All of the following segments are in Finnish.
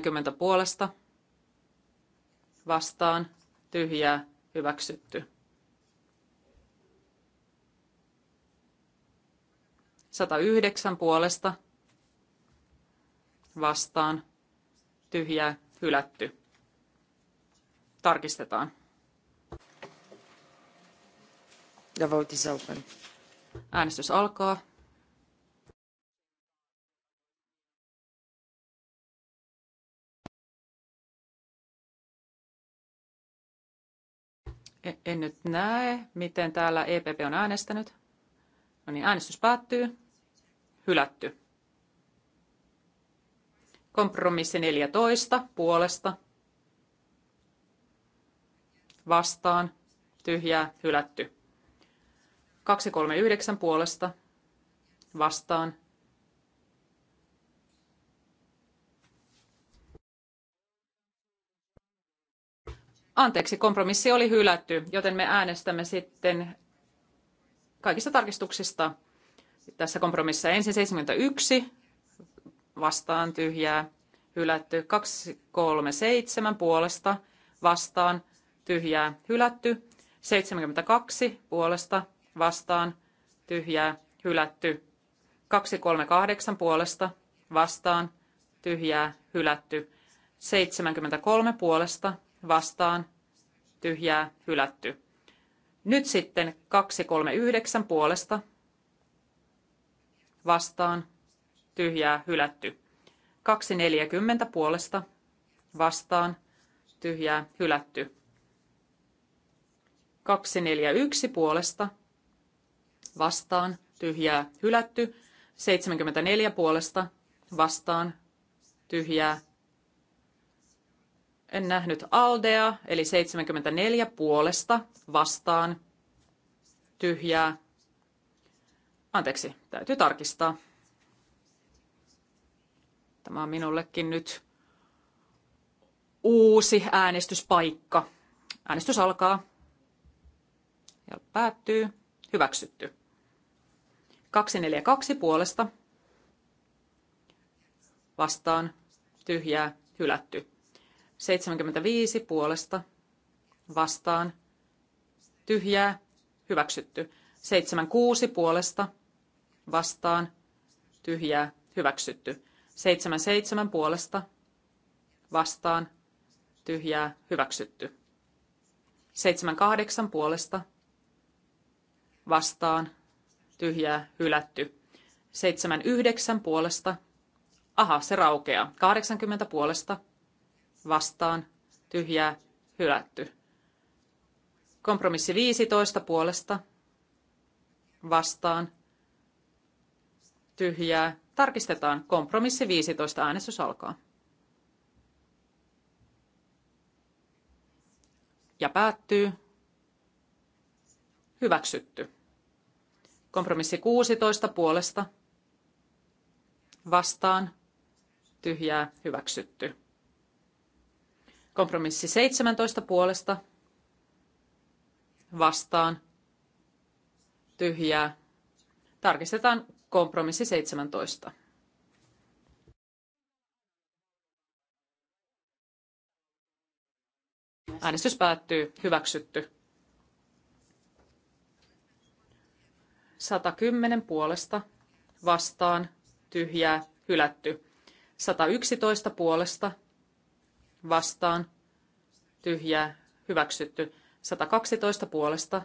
40 puolesta vastaan tyhjää hyväksytty. 109 puolesta vastaan tyhjää hylätty. Tarkistetaan. Ja vote is open. Äänestys alkaa. E- en nyt näe, miten täällä EPP on äänestänyt. No niin, äänestys päättyy. Hylätty. Kompromissi 14 puolesta. Vastaan. Tyhjää. Hylätty. 239 puolesta. Vastaan. Anteeksi, kompromissi oli hylätty, joten me äänestämme sitten kaikista tarkistuksista tässä kompromississa. Ensin 71, vastaan tyhjää, hylätty. 237 puolesta, vastaan tyhjää, hylätty. 72 puolesta, vastaan tyhjää, hylätty. 238 puolesta, vastaan tyhjää, hylätty. 73 puolesta, vastaan tyhjää hylätty. Nyt sitten 239 puolesta vastaan tyhjää hylätty. 240 puolesta vastaan tyhjää hylätty. 241 puolesta vastaan tyhjää hylätty. 74 puolesta vastaan tyhjää en nähnyt Aldea, eli 74 puolesta vastaan. Tyhjää. Anteeksi, täytyy tarkistaa. Tämä on minullekin nyt uusi äänestyspaikka. Äänestys alkaa ja päättyy. Hyväksytty. 242 puolesta vastaan tyhjää hylätty. 75 puolesta vastaan tyhjää hyväksytty. 76 puolesta vastaan tyhjää hyväksytty. 77 puolesta vastaan tyhjää hyväksytty. 78 puolesta vastaan tyhjää hylätty. 79 puolesta aha se raukeaa. 80 puolesta vastaan tyhjää hylätty. Kompromissi 15 puolesta vastaan tyhjää. Tarkistetaan kompromissi 15 äänestys alkaa. Ja päättyy. Hyväksytty. Kompromissi 16 puolesta vastaan tyhjää hyväksytty. Kompromissi 17 puolesta vastaan tyhjää. Tarkistetaan kompromissi 17. Äänestys päättyy. Hyväksytty. 110 puolesta vastaan tyhjää hylätty. 111 puolesta vastaan, tyhjää, hyväksytty. 112 puolesta,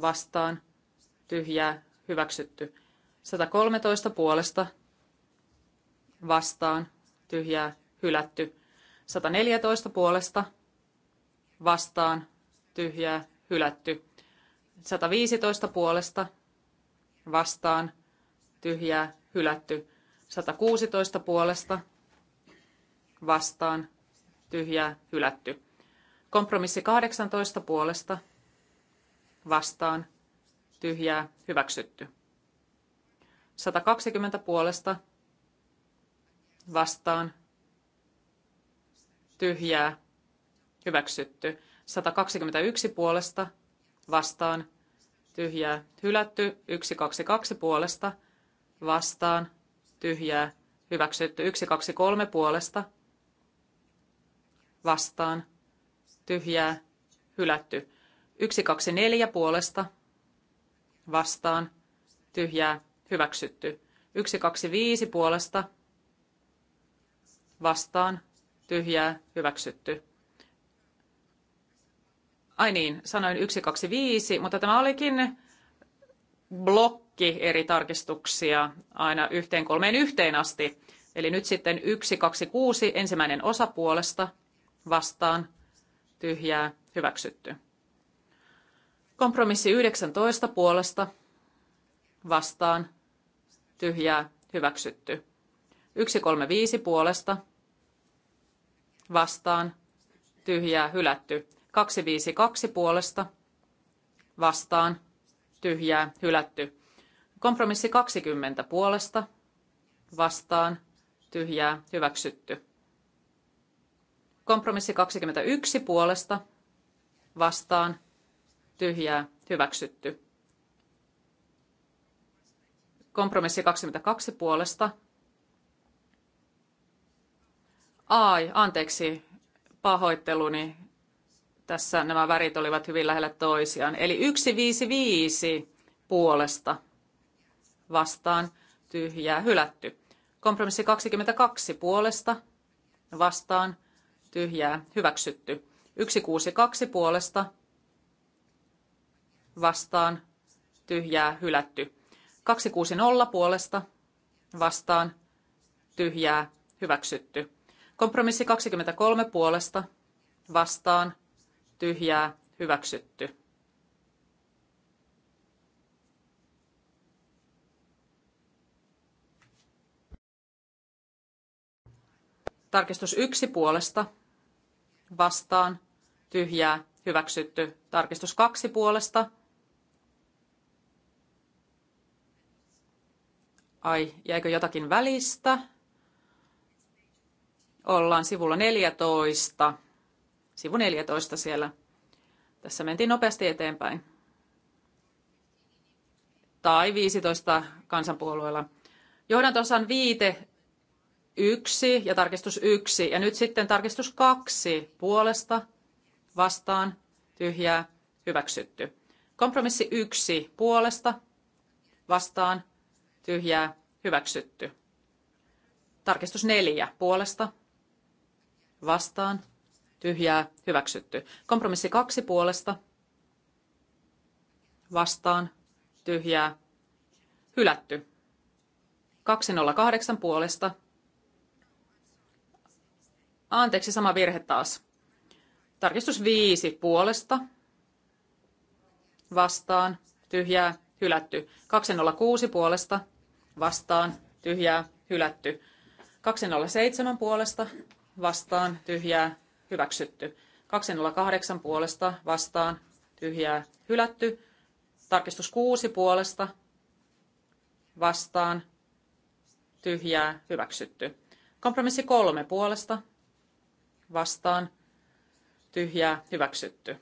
vastaan, tyhjää, hyväksytty. 113 puolesta, vastaan, tyhjää, hylätty. 114 puolesta, vastaan, tyhjää, hylätty. 115 puolesta, vastaan, tyhjää, hylätty. 116 puolesta, vastaan, tyhjää, hylätty. Kompromissi 18 puolesta, vastaan, tyhjää, hyväksytty. 120 puolesta, vastaan, tyhjää, hyväksytty. 121 puolesta, vastaan, tyhjää, hylätty. 122 puolesta, vastaan, tyhjää, hyväksytty. 123 puolesta, vastaan, tyhjää, hylätty. 124 puolesta, vastaan, tyhjää, hyväksytty. 125 puolesta, vastaan, tyhjää, hyväksytty. Ai niin, sanoin 125, mutta tämä olikin blokki eri tarkistuksia aina yhteen kolmeen yhteen asti. Eli nyt sitten 126 ensimmäinen osa puolesta vastaan tyhjää hyväksytty. Kompromissi 19 puolesta vastaan tyhjää hyväksytty. 135 puolesta vastaan tyhjää hylätty. 252 puolesta vastaan tyhjää hylätty. Kompromissi 20 puolesta vastaan tyhjää hyväksytty. Kompromissi 21 puolesta vastaan tyhjää hyväksytty. Kompromissi 22 puolesta. Ai, anteeksi pahoitteluni. Tässä nämä värit olivat hyvin lähellä toisiaan. Eli 155 puolesta vastaan tyhjää hylätty. Kompromissi 22 puolesta vastaan tyhjää, hyväksytty. 162 puolesta vastaan, tyhjää, hylätty. 260 puolesta vastaan, tyhjää, hyväksytty. Kompromissi 23 puolesta vastaan, tyhjää, hyväksytty. Tarkistus yksi puolesta vastaan, tyhjää, hyväksytty. Tarkistus kaksi puolesta. Ai, jäikö jotakin välistä? Ollaan sivulla 14. Sivu 14 siellä. Tässä mentiin nopeasti eteenpäin. Tai 15 kansanpuolueella. Johdantosan viite yksi ja tarkistus yksi. Ja nyt sitten tarkistus kaksi puolesta vastaan tyhjää hyväksytty. Kompromissi yksi puolesta vastaan tyhjää hyväksytty. Tarkistus neljä puolesta vastaan tyhjää hyväksytty. Kompromissi kaksi puolesta vastaan tyhjää hylätty. 208 puolesta Anteeksi, sama virhe taas. Tarkistus 5 puolesta. Vastaan. Tyhjää. Hylätty. 206 puolesta. Vastaan. Tyhjää. Hylätty. 207 puolesta. Vastaan. Tyhjää. Hyväksytty. 208 puolesta. Vastaan. Tyhjää. Hylätty. Tarkistus 6 puolesta. Vastaan. Tyhjää. Hyväksytty. Kompromissi 3 puolesta vastaan tyhjää hyväksytty.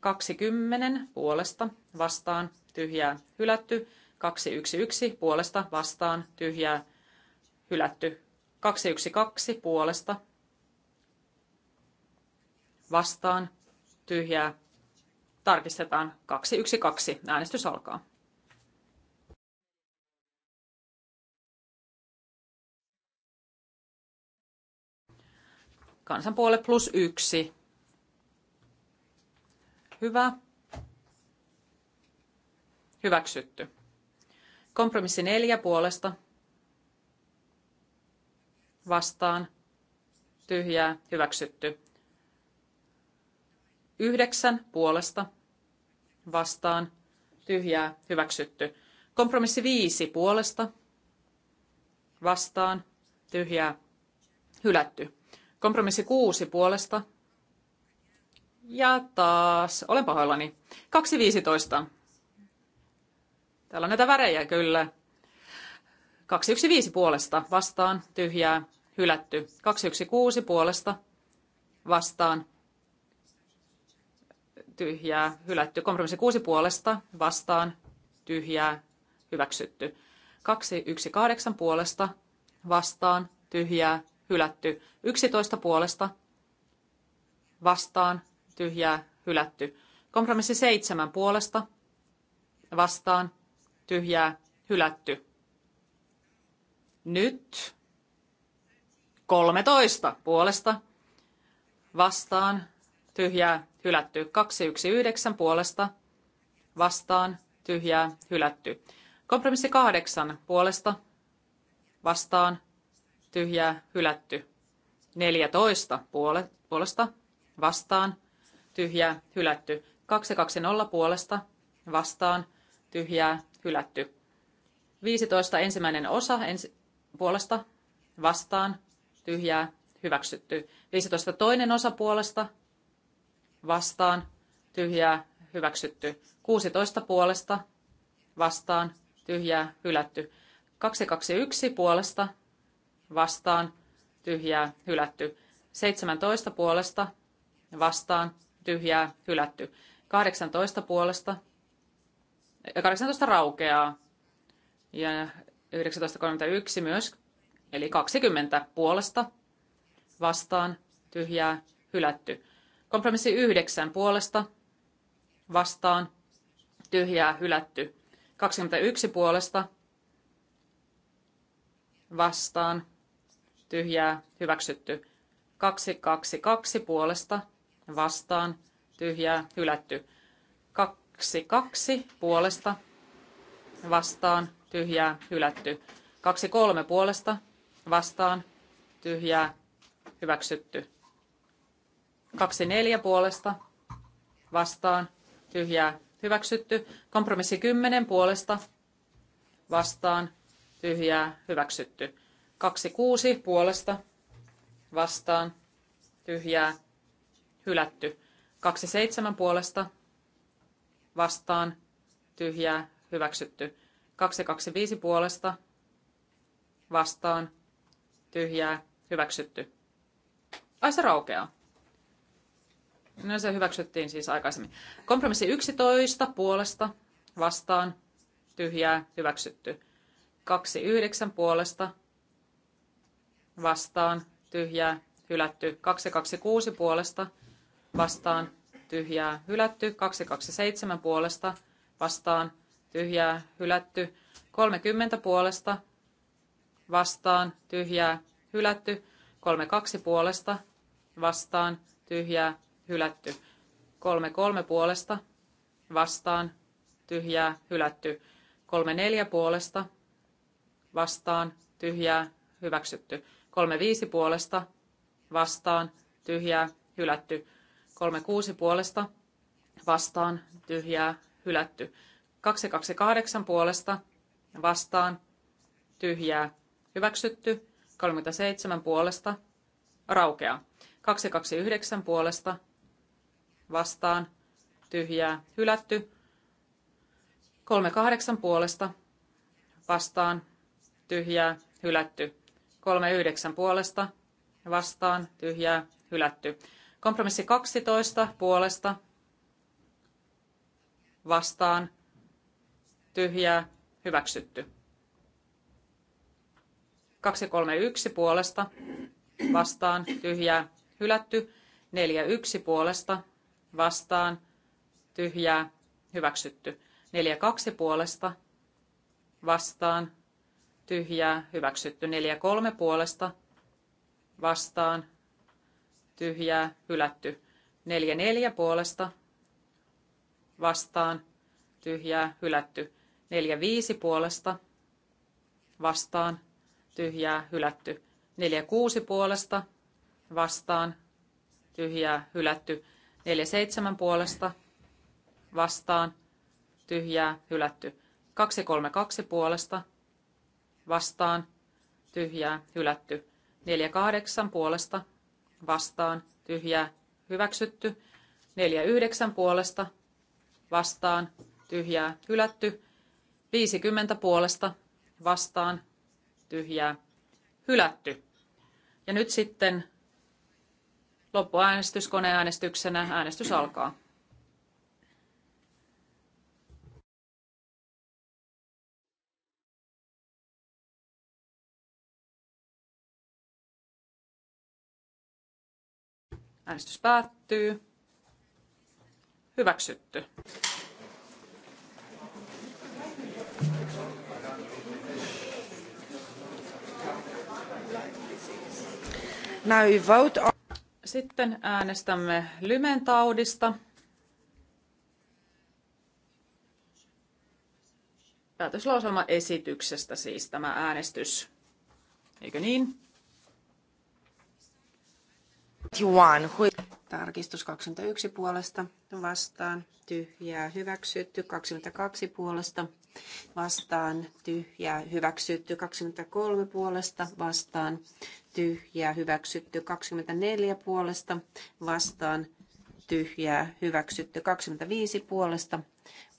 20 puolesta vastaan tyhjää hylätty. 211 puolesta vastaan tyhjää hylätty. 212 puolesta vastaan tyhjää tarkistetaan 212. Äänestys alkaa. kansanpuole plus yksi. Hyvä. Hyväksytty. Kompromissi neljä puolesta. Vastaan. Tyhjää. Hyväksytty. Yhdeksän puolesta. Vastaan. Tyhjää. Hyväksytty. Kompromissi viisi puolesta. Vastaan. Tyhjää. Hylätty. Kompromissi kuusi puolesta. Ja taas, olen pahoillani, 2.15. Täällä on näitä värejä kyllä. 215 puolesta vastaan, tyhjää, hylätty. 216 puolesta vastaan, tyhjää, hylätty. Kompromissi kuusi puolesta vastaan, tyhjää, hyväksytty. 218 puolesta vastaan, tyhjää, hylätty. 11 puolesta vastaan tyhjää hylätty. Kompromissi 7 puolesta vastaan tyhjää hylätty. Nyt 13 puolesta vastaan tyhjää hylätty. 219 puolesta vastaan tyhjää hylätty. Kompromissi 8 puolesta vastaan tyhjää, hylätty. 14 puole, puolesta, vastaan, tyhjää, hylätty. 220 puolesta, vastaan, tyhjää, hylätty. 15 ensimmäinen osa ensi, puolesta, vastaan, tyhjää, hyväksytty. 15 toinen osa puolesta, vastaan, tyhjää, hyväksytty. 16 puolesta, vastaan, tyhjää, hylätty. 221 puolesta, vastaan, tyhjää, hylätty. 17 puolesta, vastaan, tyhjää, hylätty. 18 puolesta, 18 eh, raukeaa ja 1931 myös, eli 20 puolesta, vastaan, tyhjää, hylätty. Kompromissi 9 puolesta, vastaan, tyhjää, hylätty. 21 puolesta, vastaan, tyhjää, hyväksytty. 222 puolesta, vastaan, tyhjää, hylätty. 22 puolesta, vastaan, tyhjää, hylätty. 23 puolesta, vastaan, tyhjää, hyväksytty. 24 puolesta, vastaan, tyhjää, hyväksytty. Kompromissi 10 puolesta, vastaan, tyhjää, hyväksytty. 26 puolesta vastaan tyhjää hylätty. 27 puolesta vastaan tyhjää hyväksytty. 225 puolesta vastaan tyhjää hyväksytty. Ai se raukeaa. No se hyväksyttiin siis aikaisemmin. Kompromissi 11 puolesta vastaan tyhjää hyväksytty. 29 puolesta vastaan tyhjää hylätty 226 puolesta vastaan tyhjää hylätty 227 puolesta vastaan tyhjää hylätty 30 puolesta vastaan tyhjää hylätty 32 puolesta vastaan tyhjää hylätty 33 puolesta vastaan tyhjää hylätty 34 puolesta vastaan tyhjää hyväksytty 35 puolesta vastaan tyhjää hylätty. 36 puolesta vastaan tyhjää hylätty. 228 puolesta vastaan tyhjää hyväksytty. 37 puolesta raukeaa. 229 puolesta vastaan tyhjää hylätty. 38 puolesta vastaan tyhjää hylätty. 39 puolesta vastaan tyhjää hylätty. Kompromissi 12 puolesta vastaan tyhjää hyväksytty. 231 puolesta vastaan tyhjää hylätty. 41 puolesta vastaan tyhjää hyväksytty. 42 puolesta vastaan tyhjää, hyväksytty. 4-3 puolesta vastaan, tyhjää, hylätty. 4-4 puolesta vastaan, tyhjää, hylätty. 4-5 puolesta vastaan, tyhjää, hylätty. 4-6 puolesta vastaan, tyhjää, hylätty. 4-7 puolesta vastaan, tyhjää, hylätty. kaksi kolme kaksi puolesta vastaan, tyhjää, hylätty. 48 puolesta, vastaan, tyhjää, hyväksytty. 49 puolesta, vastaan, tyhjää, hylätty. 50 puolesta, vastaan, tyhjää, hylätty. Ja nyt sitten loppuäänestys koneäänestyksenä. Äänestys alkaa. Äänestys päättyy. Hyväksytty. vote Sitten äänestämme lymentaudista. taudista. Päätöslauselma esityksestä siis tämä äänestys. Eikö niin? Tarkistus 21 puolesta vastaan tyhjää hyväksytty 22 puolesta vastaan tyhjää hyväksytty 23 puolesta vastaan tyhjää hyväksytty 24 puolesta vastaan tyhjää hyväksytty 25 puolesta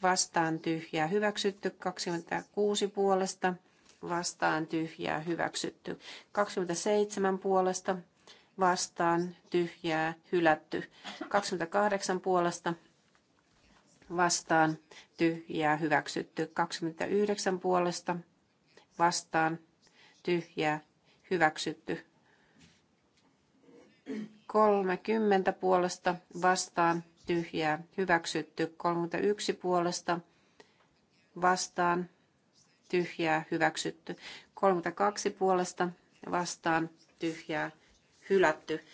vastaan tyhjää hyväksytty 26 puolesta vastaan tyhjää hyväksytty 27 puolesta vastaan tyhjää hylätty. 28 puolesta vastaan tyhjää hyväksytty. 29 puolesta vastaan tyhjää hyväksytty. 30 puolesta vastaan tyhjää hyväksytty. 31 puolesta vastaan tyhjää hyväksytty. 32 puolesta vastaan tyhjää hylätty.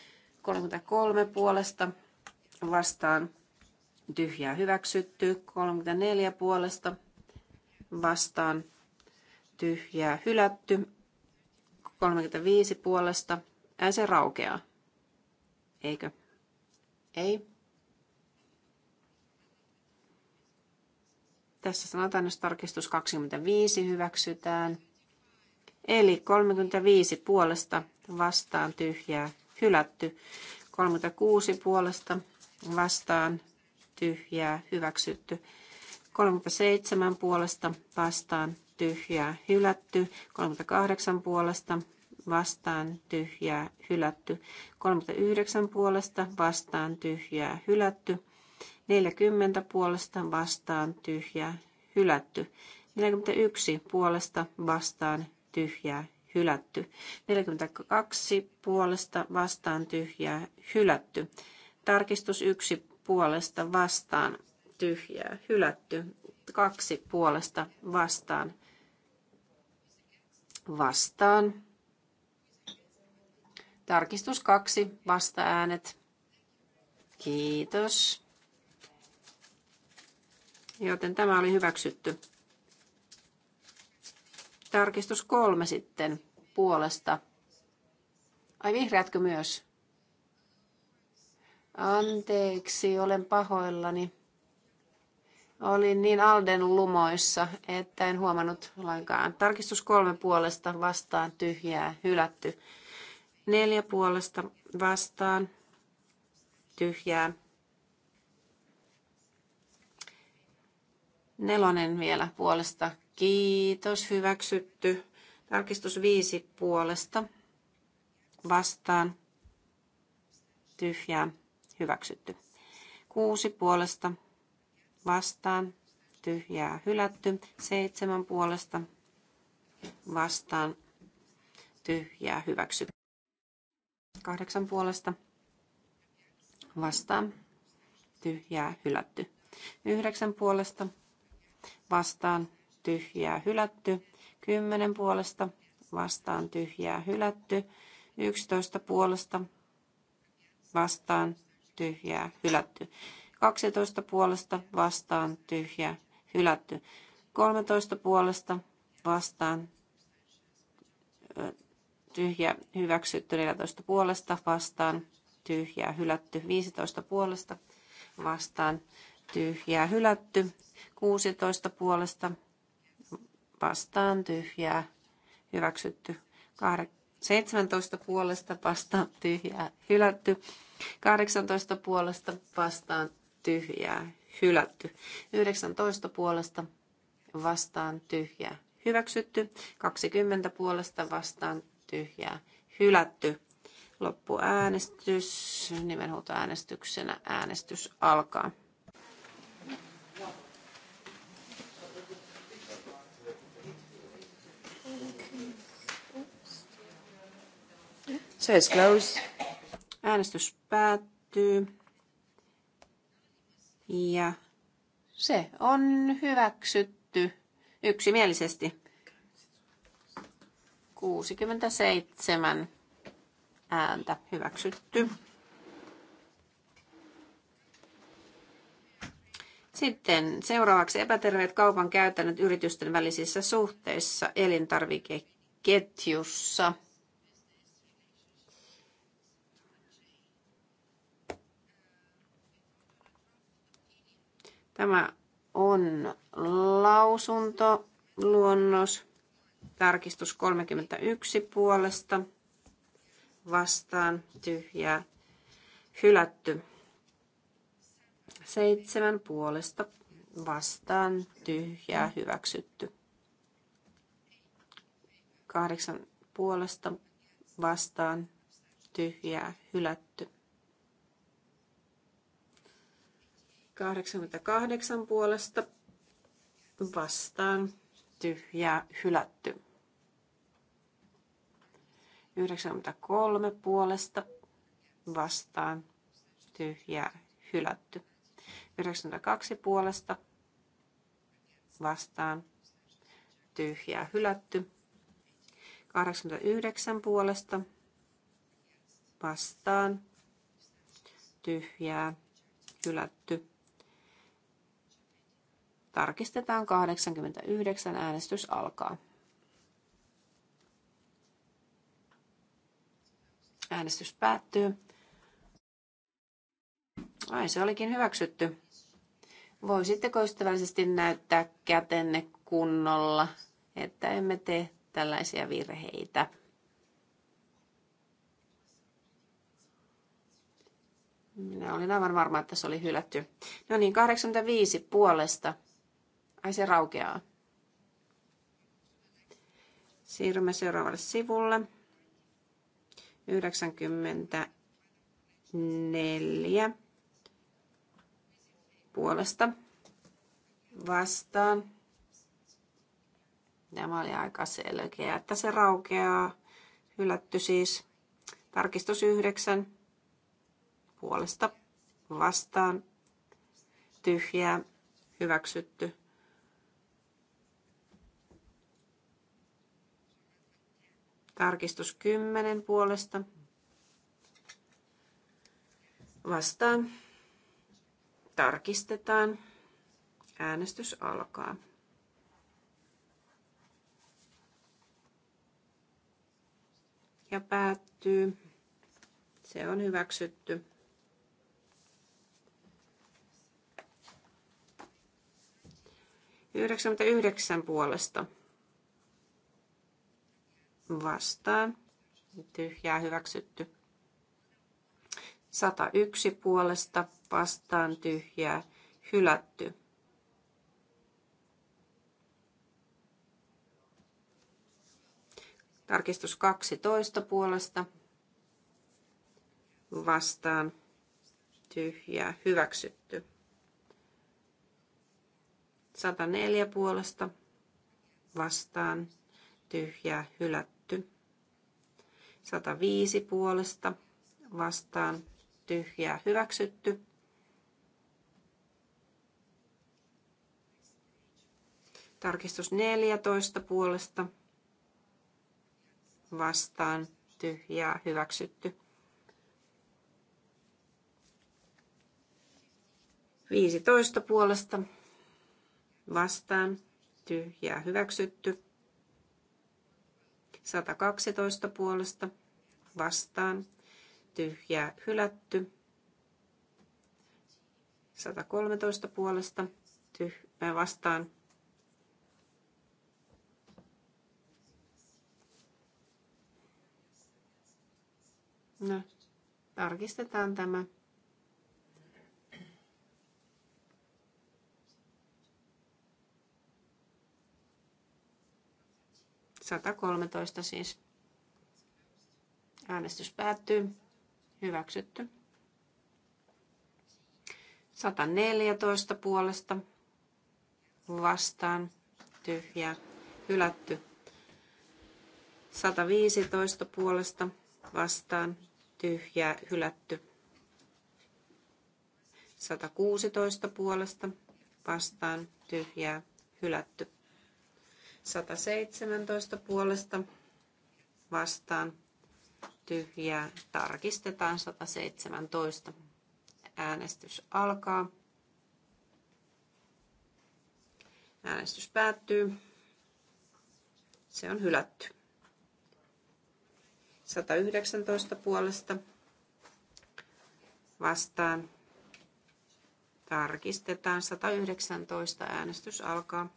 33 puolesta vastaan tyhjää hyväksytty. 34 puolesta vastaan tyhjää hylätty. 35 puolesta. Ää se raukeaa. Eikö? Ei. Tässä sanotaan, jos tarkistus 25 hyväksytään. Eli 35 puolesta vastaan tyhjää hylätty. 36 puolesta vastaan tyhjää hyväksytty. 37 puolesta vastaan tyhjää hylätty. 38 puolesta vastaan tyhjää hylätty. 39 puolesta vastaan tyhjää hylätty. 40 puolesta vastaan tyhjää hylätty. 41 puolesta vastaan tyhjää, hylätty. 42 puolesta vastaan tyhjää, hylätty. Tarkistus 1 puolesta vastaan tyhjää, hylätty. 2 puolesta vastaan vastaan. Tarkistus 2, vastaäänet. Kiitos. Joten tämä oli hyväksytty. Tarkistus kolme sitten puolesta. Ai vihreätkö myös? Anteeksi, olen pahoillani. Olin niin Alden lumoissa, että en huomannut lainkaan. Tarkistus kolme puolesta vastaan tyhjää, hylätty. Neljä puolesta vastaan tyhjää. Nelonen vielä puolesta Kiitos, hyväksytty. Tarkistus viisi puolesta. Vastaan. Tyhjää. Hyväksytty. Kuusi puolesta. Vastaan. Tyhjää. Hylätty. Seitsemän puolesta. Vastaan. Tyhjää. Hyväksytty. Kahdeksan puolesta. Vastaan. Tyhjää. Hylätty. Yhdeksän puolesta. Vastaan tyhjää hylätty. 10 puolesta vastaan tyhjää hylätty. 11 puolesta vastaan tyhjää hylätty. 12 puolesta vastaan tyhjää hylätty. 13 puolesta vastaan tyhjä hyväksytty. 14 puolesta vastaan tyhjää hylätty. 15 puolesta vastaan tyhjää hylätty. 16 puolesta vastaan tyhjää hyväksytty. 17 puolesta vastaan tyhjää hylätty. 18 puolesta vastaan tyhjää hylätty. 19 puolesta vastaan tyhjää hyväksytty. 20 puolesta vastaan tyhjää hylätty. Loppuäänestys, nimenhuutoäänestyksenä äänestys alkaa. Se is Äänestys päättyy. Ja se on hyväksytty yksimielisesti. 67 ääntä hyväksytty. Sitten seuraavaksi epäterveet kaupan käytännöt yritysten välisissä suhteissa elintarvikeketjussa. Tämä on lausunto, luonnos, tarkistus 31 puolesta, vastaan, tyhjää, hylätty. Seitsemän puolesta, vastaan, tyhjää, hyväksytty. Kahdeksan puolesta, vastaan, tyhjää, hylätty. 88 puolesta vastaan tyhjää hylätty. 93 puolesta vastaan tyhjää hylätty. 92 puolesta vastaan tyhjää hylätty. 89 puolesta vastaan tyhjää hylätty. Tarkistetaan 89, äänestys alkaa. Äänestys päättyy. Ai, se olikin hyväksytty. Voisitteko ystävällisesti näyttää kätenne kunnolla, että emme tee tällaisia virheitä? Minä olin aivan varma, että se oli hylätty. No niin, 85 puolesta Ai se raukeaa. Siirrymme seuraavalle sivulle. 94 puolesta vastaan. Tämä oli aika selkeä, että se raukeaa. Hylätty siis. Tarkistus 9 puolesta vastaan. Tyhjää. Hyväksytty. Tarkistus 10 puolesta. Vastaan. Tarkistetaan. Äänestys alkaa. Ja päättyy. Se on hyväksytty. Yhdeksänkymmentäyhdeksän puolesta vastaan. Tyhjää hyväksytty. 101 puolesta vastaan tyhjää hylätty. Tarkistus 12 puolesta vastaan tyhjää hyväksytty. 104 puolesta vastaan tyhjää hylätty. 105 puolesta vastaan tyhjää hyväksytty. Tarkistus 14 puolesta vastaan tyhjää hyväksytty. 15 puolesta vastaan tyhjää hyväksytty. 112 puolesta vastaan tyhjää hylätty. 113 puolesta tyhjää äh, vastaan No, tarkistetaan tämä. 113 siis. Äänestys päättyy. Hyväksytty. 114 puolesta vastaan tyhjä hylätty. 115 puolesta vastaan tyhjä hylätty. 116 puolesta vastaan tyhjä hylätty. 117 puolesta vastaan tyhjää. Tarkistetaan 117. Äänestys alkaa. Äänestys päättyy. Se on hylätty. 119 puolesta vastaan. Tarkistetaan 119. Äänestys alkaa.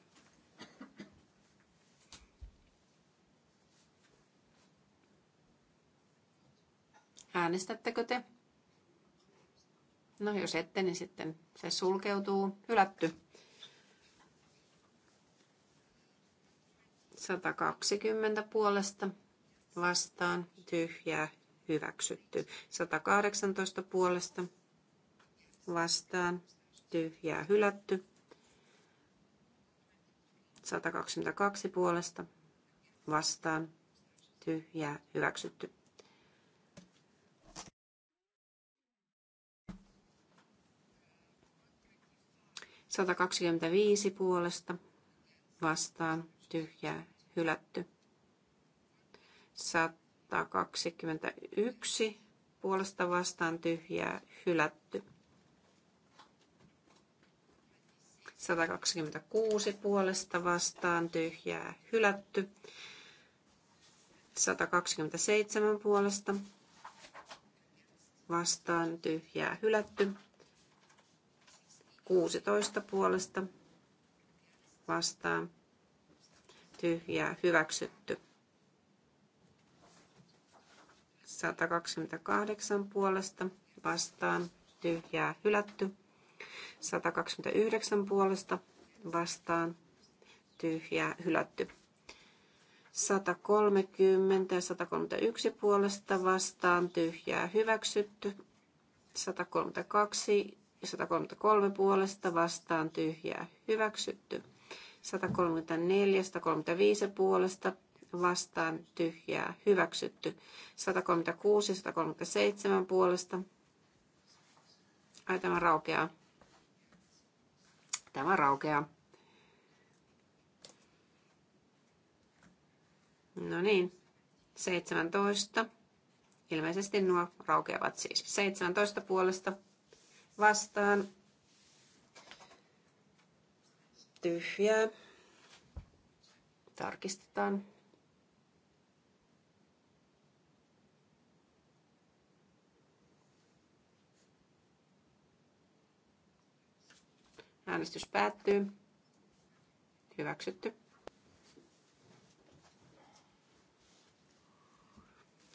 Äänestättekö te? No jos ette, niin sitten se sulkeutuu. Hylätty. 120 puolesta vastaan tyhjää hyväksytty. 118 puolesta vastaan tyhjää hylätty. 122 puolesta vastaan tyhjää hyväksytty. 125 puolesta vastaan tyhjää hylätty. 121 puolesta vastaan tyhjää hylätty. 126 puolesta vastaan tyhjää hylätty. 127 puolesta vastaan tyhjää hylätty. 16 puolesta vastaan tyhjää hyväksytty. 128 puolesta vastaan tyhjää hylätty. 129 puolesta vastaan tyhjää hylätty. 130 ja 131 puolesta vastaan tyhjää hyväksytty. 132 133 puolesta vastaan tyhjää hyväksytty. 134, 135 puolesta vastaan tyhjää hyväksytty. 136, 137 puolesta. Ai tämä raukeaa. Tämä raukeaa. No niin, 17. Ilmeisesti nuo raukeavat siis. 17 puolesta vastaan tyhjää. Tarkistetaan. Äänestys päättyy. Hyväksytty.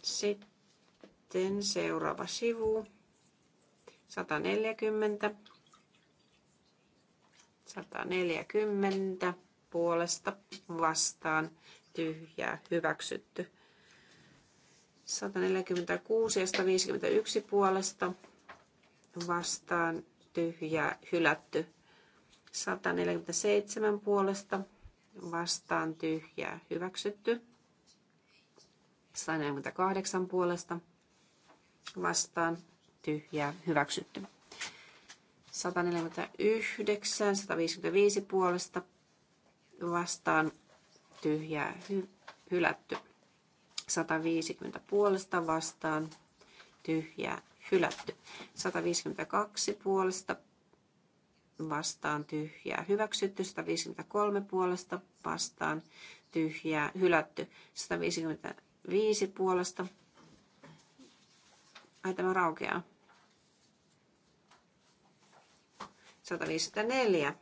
Sitten seuraava sivu. 140. 140 puolesta vastaan tyhjää hyväksytty. 146 ja 151 puolesta vastaan tyhjää hylätty. 147 puolesta vastaan tyhjää hyväksytty. 148 puolesta vastaan tyhjää hyväksytty. 149, 155 puolesta vastaan tyhjää hy- hylätty. 150 puolesta vastaan tyhjää hylätty. 152 puolesta vastaan tyhjää hyväksytty. 153 puolesta vastaan tyhjää hylätty. 155 puolesta. Ai tämä raukeaa. 154.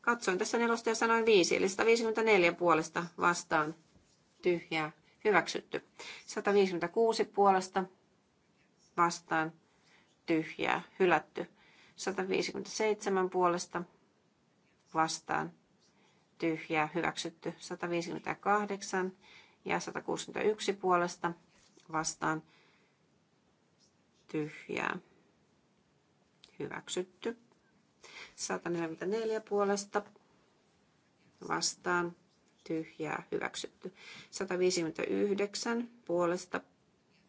Katsoin tässä nelosta ja sanoin 5, eli 154 puolesta vastaan tyhjää hyväksytty. 156 puolesta vastaan tyhjää hylätty. 157 puolesta vastaan tyhjää hyväksytty. 158 ja 161 puolesta vastaan tyhjää hyväksytty. 144 puolesta vastaan tyhjää hyväksytty. 159 puolesta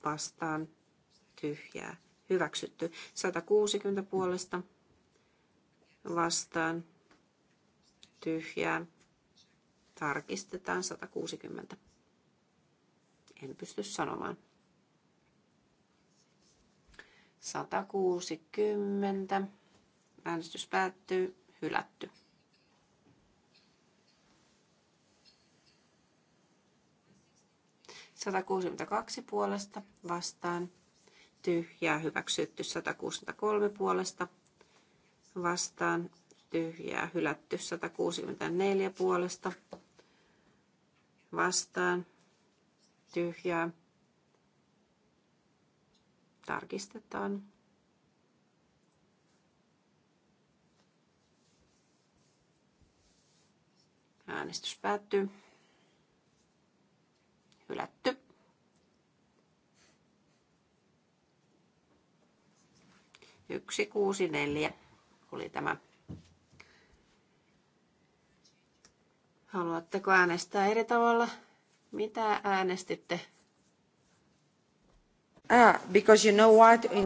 vastaan tyhjää hyväksytty. 160 puolesta vastaan tyhjää. Tarkistetaan 160. En pysty sanomaan. 160. Äänestys päättyy. Hylätty. kaksi puolesta vastaan. Tyhjää hyväksytty. 163 puolesta vastaan. Tyhjää hylätty. 164 puolesta vastaan. Tyhjää. Tarkistetaan. Äänestys päättyy. Hylätty. Yksi, kuusi, neljä oli tämä. Haluatteko äänestää eri tavalla? Mitä äänestitte? Ah, because you know what? In...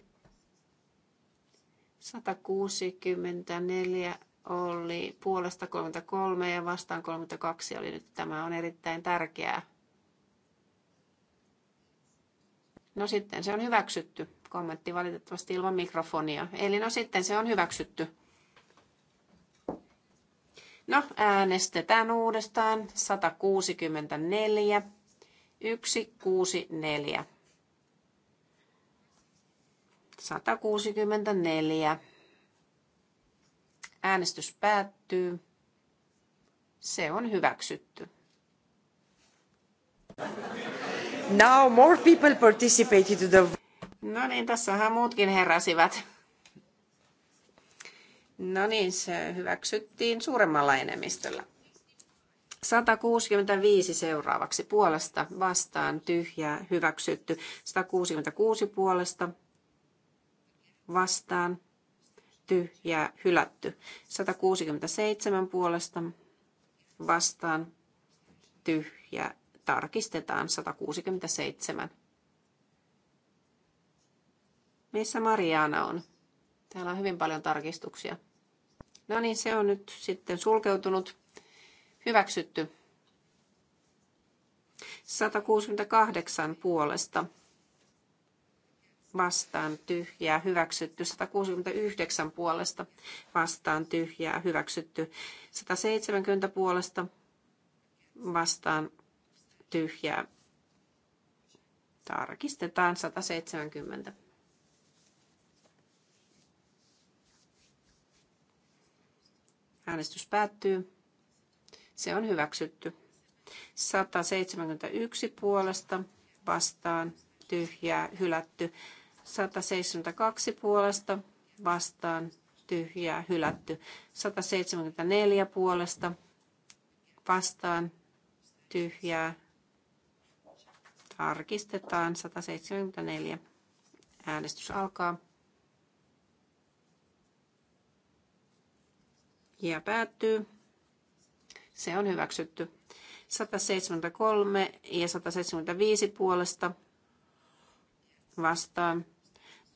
164 oli puolesta 33 ja vastaan 32 oli nyt. Tämä on erittäin tärkeää. No sitten se on hyväksytty. Kommentti valitettavasti ilman mikrofonia. Eli no sitten se on hyväksytty. No äänestetään uudestaan 164 164 164 Äänestys päättyy. Se on hyväksytty. Now more people participated to the... No niin, tässähän muutkin heräsivät. No niin, se hyväksyttiin suuremmalla enemmistöllä. 165 seuraavaksi puolesta vastaan tyhjää hyväksytty. 166 puolesta vastaan ja hylätty. 167 puolesta vastaan tyhjä, tarkistetaan 167. Missä Mariana on? Täällä on hyvin paljon tarkistuksia. No niin, se on nyt sitten sulkeutunut. Hyväksytty. 168 puolesta vastaan tyhjää hyväksytty, 169 puolesta vastaan tyhjää hyväksytty, 170 puolesta vastaan tyhjää. Tarkistetaan 170. Äänestys päättyy. Se on hyväksytty. 171 puolesta vastaan tyhjää hylätty. 172 puolesta vastaan tyhjää hylätty. 174 puolesta vastaan tyhjää. Tarkistetaan 174. Äänestys alkaa. Ja päättyy. Se on hyväksytty. 173 ja 175 puolesta vastaan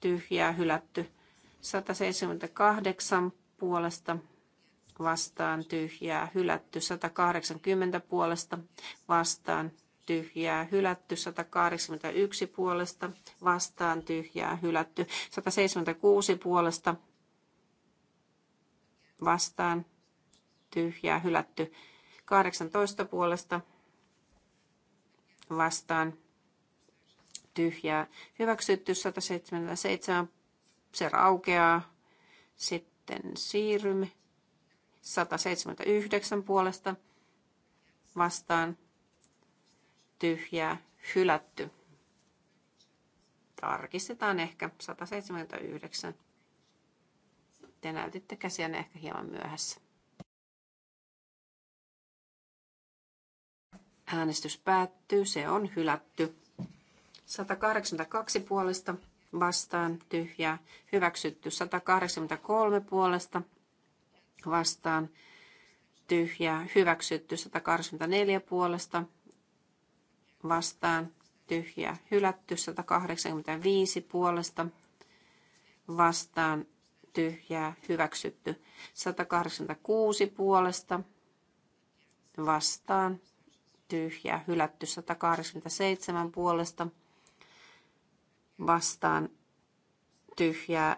tyhjää hylätty. 178 puolesta vastaan tyhjää hylätty. 180 puolesta vastaan tyhjää hylätty. 181 puolesta vastaan tyhjää hylätty. 176 puolesta vastaan tyhjää hylätty. 18 puolesta vastaan tyhjää. Hyväksytty 177, se raukeaa. Sitten siirrymme 179 puolesta vastaan tyhjää, hylätty. Tarkistetaan ehkä 179. Te näytitte käsiänne ehkä hieman myöhässä. Äänestys päättyy, se on hylätty. 182 puolesta vastaan tyhjää hyväksytty. 183 puolesta vastaan tyhjää hyväksytty. 184 puolesta vastaan tyhjää hylätty. 185 puolesta vastaan tyhjää hyväksytty. 186 puolesta vastaan tyhjää hylätty. 187 puolesta vastaan vastaan tyhjää.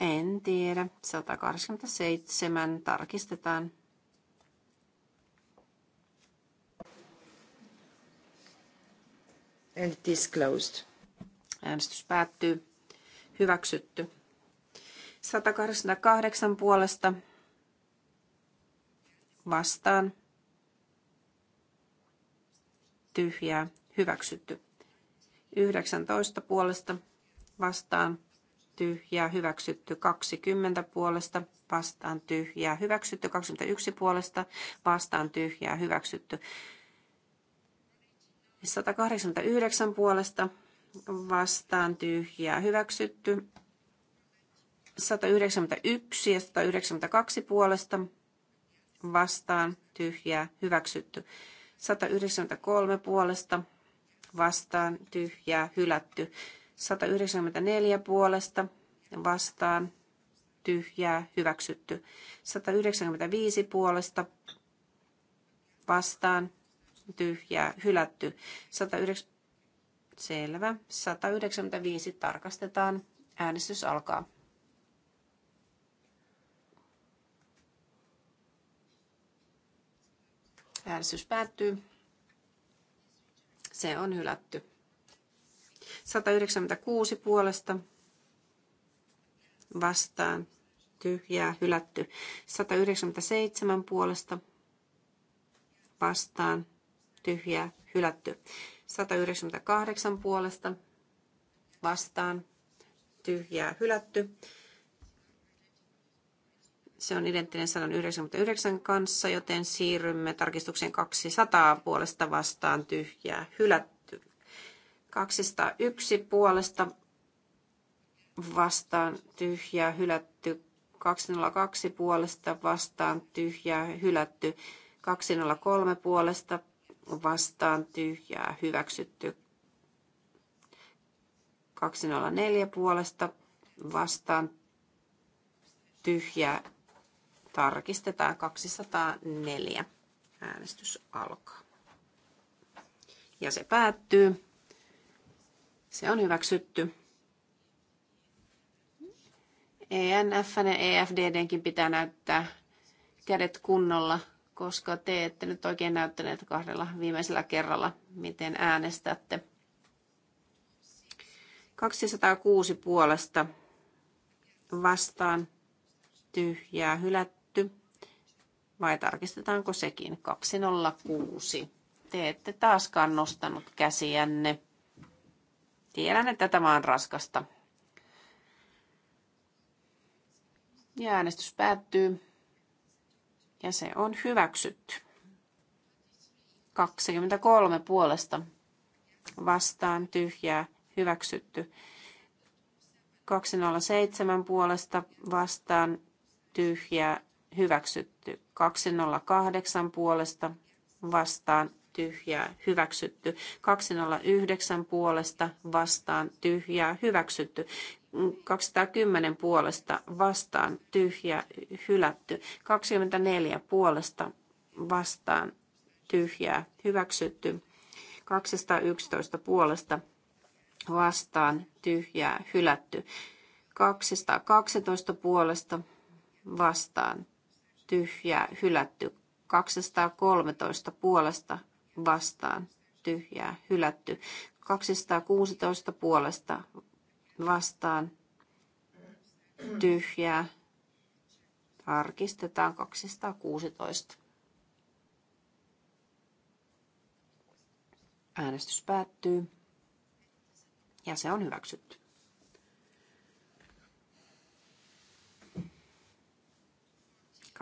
En tiedä. 187 tarkistetaan. And disclosed Äänestys päättyy. Hyväksytty. 188 puolesta vastaan. Tyhjää. Hyväksytty. 19 puolesta vastaan tyhjää hyväksytty 20 puolesta, vastaan tyhjää hyväksytty 21 puolesta, vastaan tyhjää hyväksytty 189 puolesta, vastaan tyhjää hyväksytty 191 ja 192 puolesta, vastaan tyhjää hyväksytty 193 puolesta, vastaan tyhjää hylätty. 194 puolesta vastaan tyhjää hyväksytty. 195 puolesta vastaan tyhjää hylätty. 19... selvä. 195 tarkastetaan. Äänestys alkaa. Äänestys päättyy. Se on hylätty. 196 puolesta vastaan tyhjää hylätty. 197 puolesta vastaan tyhjää hylätty. 198 puolesta vastaan tyhjää hylätty. Se on identtinen 199 kanssa, joten siirrymme tarkistuksen 200 puolesta vastaan tyhjää hylätty. 201 puolesta vastaan tyhjää hylätty. 202 puolesta vastaan tyhjää hylätty. 203 puolesta vastaan tyhjää hyväksytty. 204 puolesta vastaan tyhjää Tarkistetaan 204. Äänestys alkaa. Ja se päättyy. Se on hyväksytty. ENF ja EFDDkin pitää näyttää kädet kunnolla, koska te ette nyt oikein näyttäneet kahdella viimeisellä kerralla, miten äänestätte. 206 puolesta vastaan tyhjää hylättyä vai tarkistetaanko sekin? 206. Te ette taaskaan nostanut käsiänne. Tiedän, että tämä on raskasta. Ja äänestys päättyy. Ja se on hyväksytty. 23 puolesta vastaan tyhjää hyväksytty. 207 puolesta vastaan tyhjää hyväksytty. 208 puolesta vastaan tyhjää hyväksytty. 209 puolesta vastaan tyhjää hyväksytty. 210 puolesta vastaan tyhjä hylätty. 24 puolesta vastaan tyhjää hyväksytty. 211 puolesta vastaan tyhjää hylätty. 212 puolesta vastaan tyhjää hylätty. 213 puolesta vastaan tyhjää hylätty. 216 puolesta vastaan tyhjää. Tarkistetaan 216. Äänestys päättyy ja se on hyväksytty.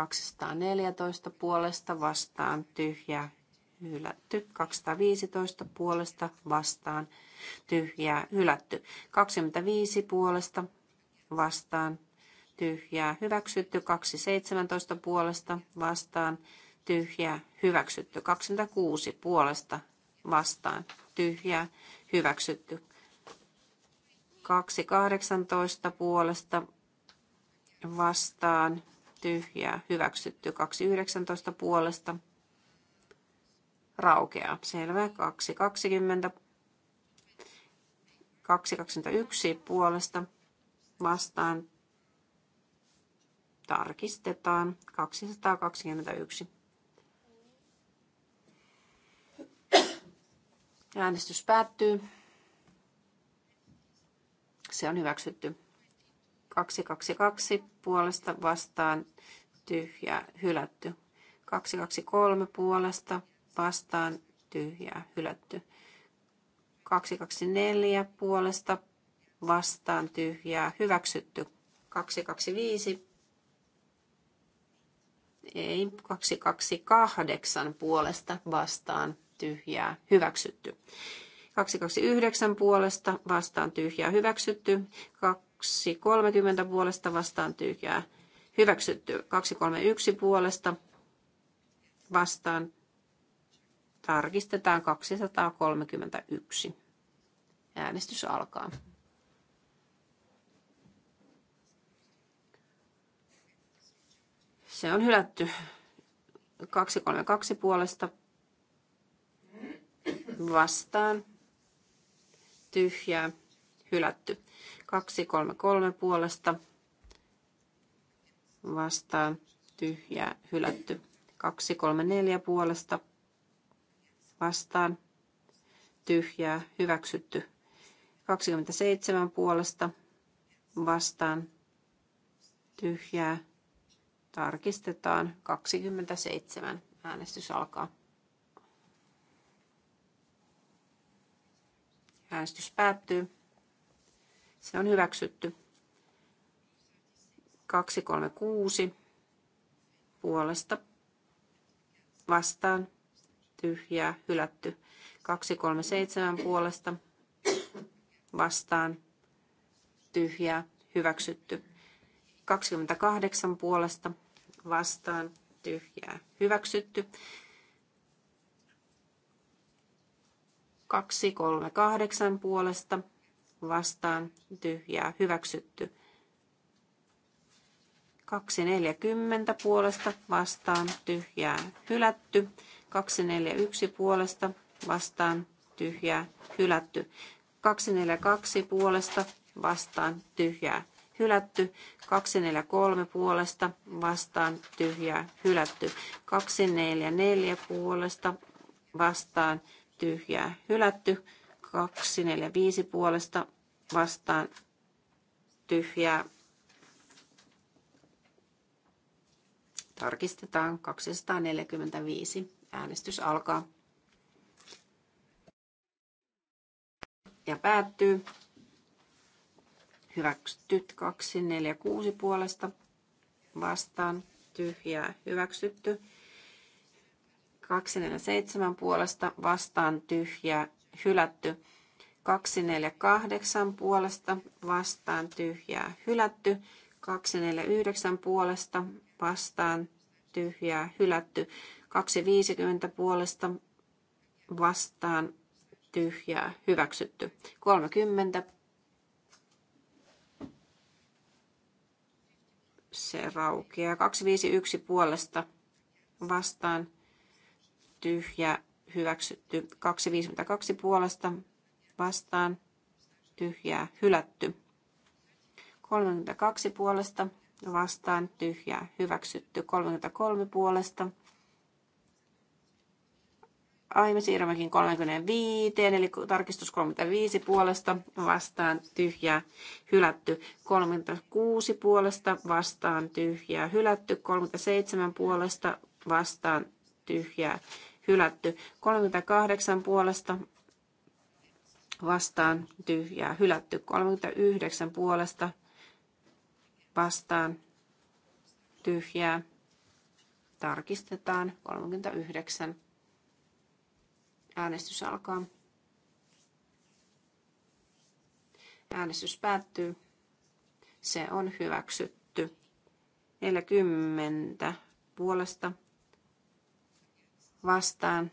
214 puolesta vastaan tyhjää hylätty. 215 puolesta vastaan tyhjää hylätty. 25 puolesta vastaan tyhjää hyväksytty. 217 puolesta vastaan tyhjää hyväksytty. 26 puolesta vastaan tyhjää hyväksytty. 218 puolesta vastaan tyhjää, hyväksytty. 2.19 puolesta raukeaa. Selvä. 2.20. 2.21 puolesta vastaan tarkistetaan 221. Äänestys päättyy. Se on hyväksytty. 222 puolesta vastaan tyhjää hylätty. 223 puolesta vastaan tyhjää hylätty. 224 puolesta vastaan tyhjää hyväksytty. 225 ei 228 puolesta vastaan tyhjää hyväksytty. 229 puolesta vastaan tyhjää hyväksytty. 2, 30 puolesta vastaan tyhjää. Hyväksytty 2, 3, 1 puolesta vastaan. Tarkistetaan 231. Äänestys alkaa. Se on hylätty 232 puolesta vastaan. Tyhjää, hylätty. 233 puolesta vastaan tyhjää hylätty. 234 puolesta vastaan tyhjää hyväksytty. 27 puolesta vastaan tyhjää tarkistetaan. 27 äänestys alkaa. Äänestys päättyy. Se on hyväksytty. 236 puolesta vastaan tyhjää hylätty. 237 puolesta vastaan tyhjää hyväksytty. 28 puolesta vastaan tyhjää hyväksytty. 238 puolesta vastaan tyhjää hyväksytty. 240 puolesta vastaan tyhjää hylätty. 241 puolesta vastaan tyhjää hylätty. 242 puolesta vastaan tyhjää hylätty. 243 puolesta vastaan tyhjää hylätty. 244 puolesta vastaan tyhjää hylätty. 2, 4, 5 puolesta vastaan tyhjää. Tarkistetaan 245. Äänestys alkaa. Ja päättyy. Hyväksytty 6 puolesta vastaan tyhjää hyväksytty. 247 puolesta vastaan tyhjää hylätty. 248 puolesta vastaan tyhjää hylätty. 249 puolesta vastaan tyhjää hylätty. 250 puolesta vastaan tyhjää hyväksytty. 30 se raukeaa. 251 puolesta vastaan tyhjää hyväksytty. 252 puolesta vastaan tyhjää hylätty. 32 puolesta vastaan tyhjää hyväksytty. 33 puolesta Ai me siirrymmekin 35, eli tarkistus 35 puolesta vastaan tyhjää hylätty. 36 puolesta vastaan tyhjää hylätty. 37 puolesta vastaan tyhjää hylätty. 38 puolesta vastaan tyhjää hylätty. 39 puolesta vastaan tyhjää. Tarkistetaan 39. Äänestys alkaa. Äänestys päättyy. Se on hyväksytty. 40 puolesta vastaan.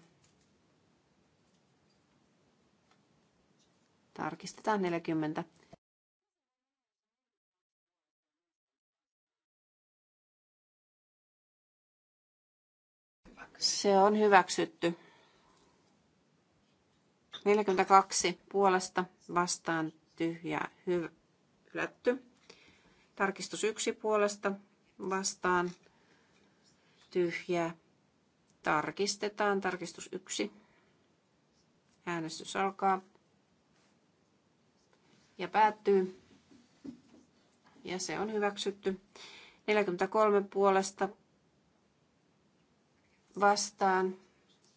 Tarkistetaan 40. Se on hyväksytty. 42 puolesta vastaan tyhjä hylätty. Tarkistus 1 puolesta vastaan tyhjä Tarkistetaan. Tarkistus 1. Äänestys alkaa ja päättyy. Ja se on hyväksytty. 43 puolesta vastaan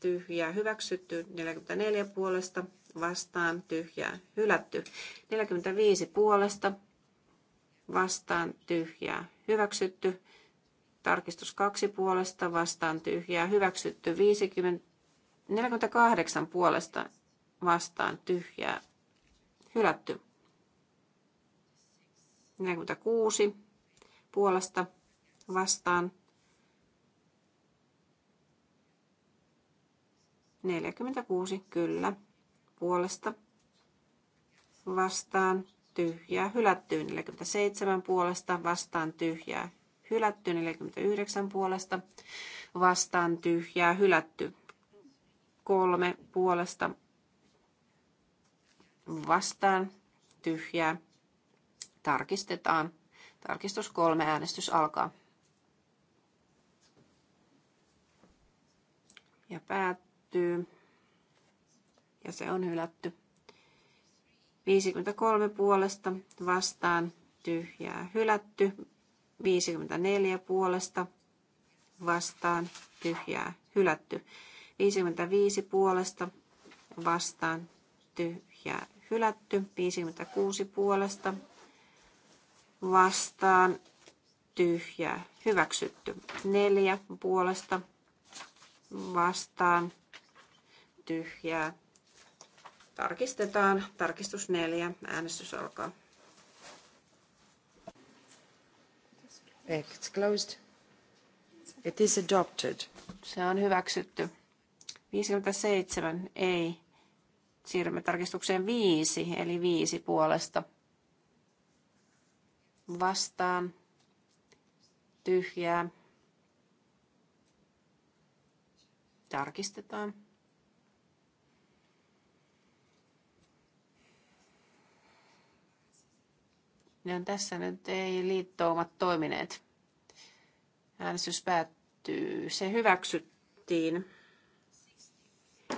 tyhjää hyväksytty. 44 puolesta vastaan tyhjää hylätty. 45 puolesta vastaan tyhjää hyväksytty. Tarkistus 2 puolesta vastaan tyhjää. Hyväksytty 50, 48 puolesta vastaan tyhjää. Hylätty 46 puolesta vastaan 46 kyllä puolesta vastaan tyhjää hylättyyn 47 puolesta vastaan tyhjää hylätty, 49 puolesta vastaan tyhjää hylätty, kolme puolesta vastaan tyhjää. Tarkistetaan. Tarkistus kolme, äänestys alkaa. Ja päättyy. Ja se on hylätty. 53 puolesta vastaan tyhjää hylätty. 54 puolesta vastaan tyhjää hylätty. 55 puolesta vastaan tyhjää hylätty. 56 puolesta vastaan tyhjää hyväksytty. 4 puolesta vastaan tyhjää. Tarkistetaan. Tarkistus 4. Äänestys alkaa. It's closed. It is adopted. Se on hyväksytty. 57 ei. Siirrymme tarkistukseen 5, eli 5 puolesta. Vastaan. Tyhjää. Tarkistetaan. on tässä nyt ei liittoumat toimineet. Äänestys päättyy. Se hyväksyttiin.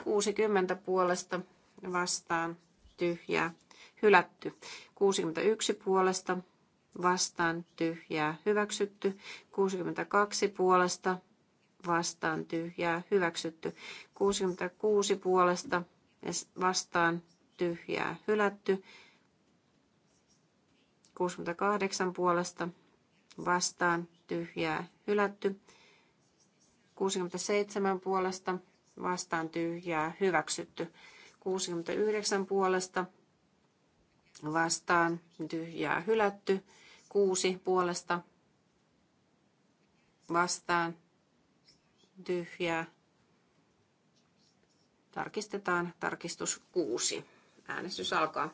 60 puolesta vastaan tyhjää hylätty. 61 puolesta vastaan tyhjää hyväksytty. 62 puolesta vastaan tyhjää hyväksytty. 66 puolesta vastaan tyhjää hylätty. 68 puolesta vastaan tyhjää hylätty. 67 puolesta vastaan tyhjää hyväksytty. 69 puolesta vastaan tyhjää hylätty. 6 puolesta vastaan tyhjää. Tarkistetaan tarkistus 6. Äänestys alkaa.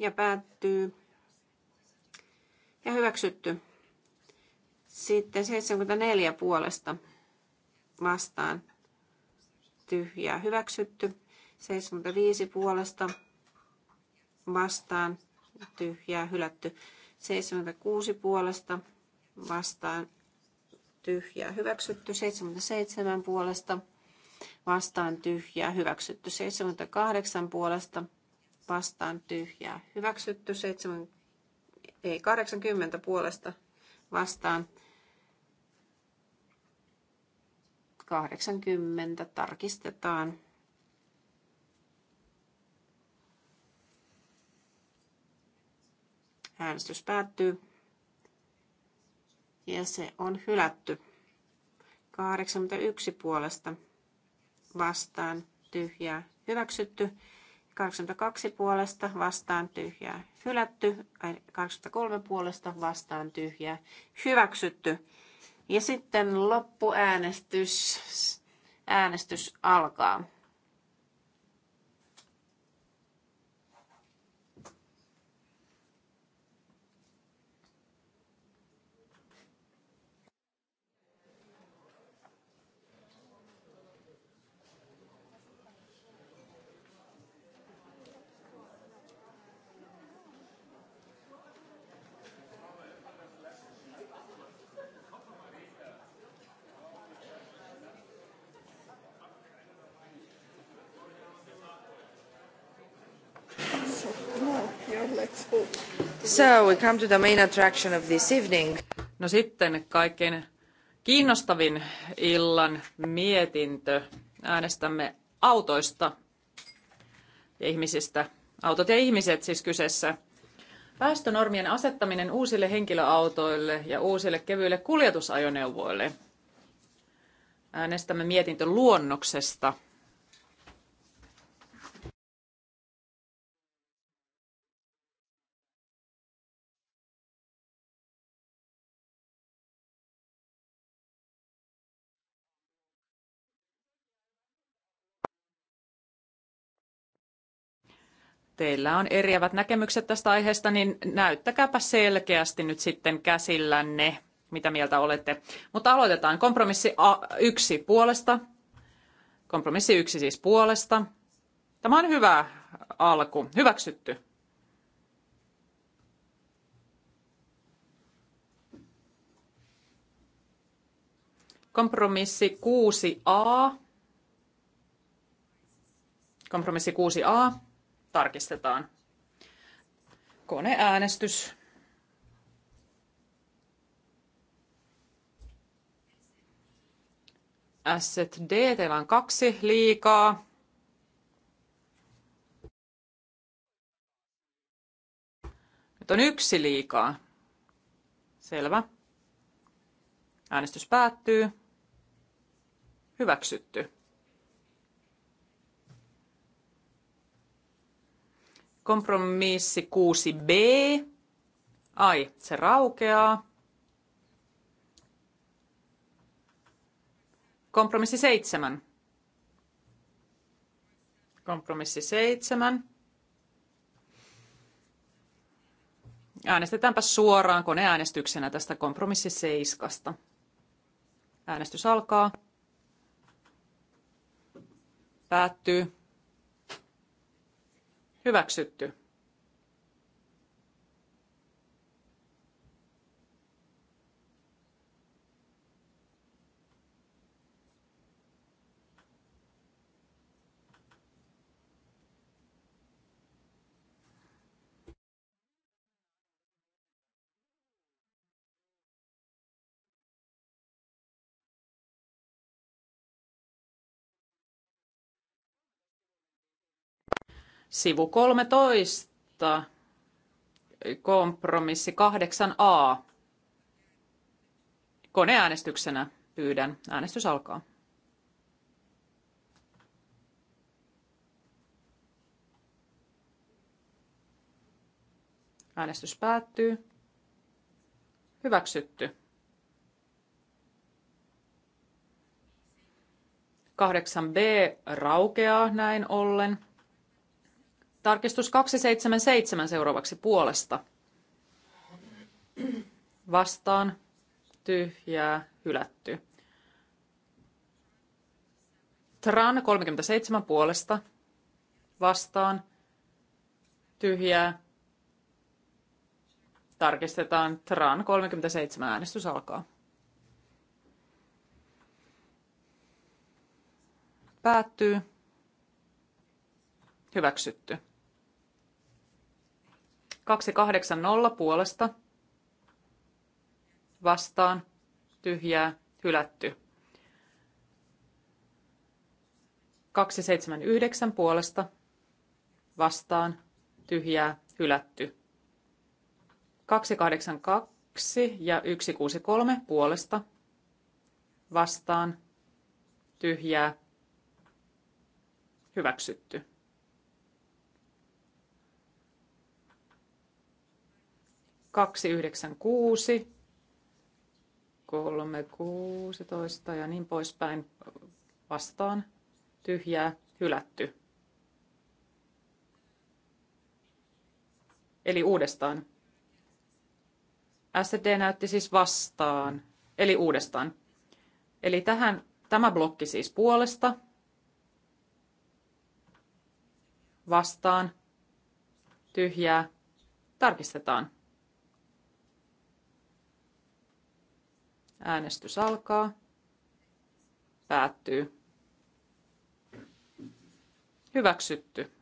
ja päättyy ja hyväksytty. Sitten 74 puolesta vastaan tyhjää hyväksytty. 75 puolesta vastaan tyhjää hylätty. 76 puolesta vastaan tyhjää hyväksytty. 77 puolesta vastaan tyhjää hyväksytty. 78 puolesta vastaan tyhjää. Hyväksytty 7, ei 80 puolesta vastaan 80 tarkistetaan. Äänestys päättyy. Ja se on hylätty. 81 puolesta vastaan tyhjää hyväksytty. 82 puolesta vastaan tyhjää hylätty, 83 puolesta vastaan tyhjää hyväksytty. Ja sitten loppuäänestys. Äänestys alkaa. So we come to the main attraction of this evening. No sitten kaikkein kiinnostavin illan mietintö. Äänestämme autoista ja ihmisistä. Autot ja ihmiset siis kyseessä. Päästönormien asettaminen uusille henkilöautoille ja uusille kevyille kuljetusajoneuvoille. Äänestämme mietintö luonnoksesta. teillä on eriävät näkemykset tästä aiheesta, niin näyttäkääpä selkeästi nyt sitten käsillänne, mitä mieltä olette. Mutta aloitetaan. Kompromissi A, yksi puolesta. Kompromissi yksi siis puolesta. Tämä on hyvä alku. Hyväksytty. Kompromissi 6a. Kompromissi 6a tarkistetaan. Koneäänestys. D, teillä on kaksi liikaa. Nyt on yksi liikaa. Selvä. Äänestys päättyy. Hyväksytty. Kompromissi 6b. Ai, se raukeaa. Kompromissi 7. Kompromissi 7. Äänestetäänpä suoraan koneäänestyksenä tästä kompromissi 7. Äänestys alkaa. Päättyy. Hyväksytty. Sivu 13, kompromissi 8a. Koneäänestyksenä pyydän. Äänestys alkaa. Äänestys päättyy. Hyväksytty. 8b raukeaa näin ollen. Tarkistus 277 seuraavaksi puolesta. Vastaan tyhjää hylätty. Tran 37 puolesta vastaan tyhjää. Tarkistetaan Tran 37 äänestys alkaa. Päättyy. Hyväksytty. 280 puolesta vastaan tyhjää hylätty. 279 puolesta vastaan tyhjää hylätty. 282 ja 163 puolesta vastaan tyhjää hyväksytty. 296, 316 ja niin poispäin vastaan tyhjää hylätty. Eli uudestaan. SD näytti siis vastaan, eli uudestaan. Eli tähän, tämä blokki siis puolesta, vastaan, tyhjää, tarkistetaan. Äänestys alkaa. Päättyy. Hyväksytty.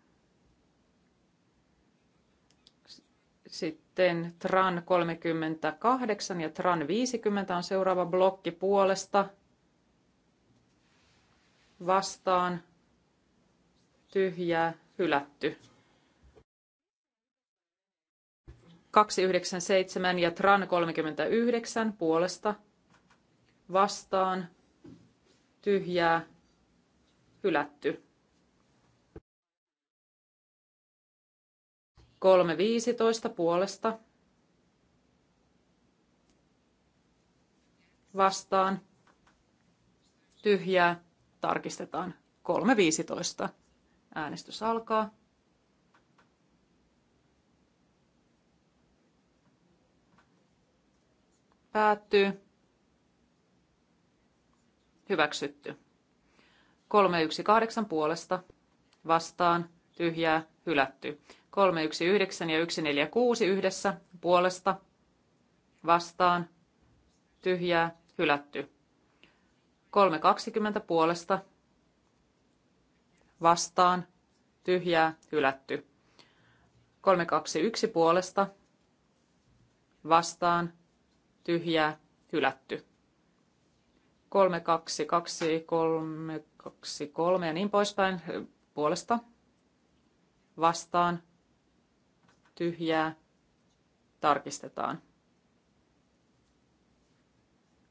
Sitten TRAN 38 ja TRAN 50 on seuraava blokki puolesta. Vastaan. Tyhjää. Hylätty. 297 ja TRAN 39 puolesta vastaan tyhjää hylätty. 3.15 puolesta vastaan tyhjää tarkistetaan 3.15. Äänestys alkaa. Päättyy hyväksytty. 318 puolesta vastaan tyhjää hylätty. 319 ja 146 yhdessä puolesta vastaan tyhjää hylätty. 320 puolesta vastaan tyhjää hylätty. 321 puolesta vastaan tyhjää hylätty kolme, kaksi, kaksi, kolme, kaksi, kolme ja niin poispäin puolesta, vastaan, tyhjää, tarkistetaan.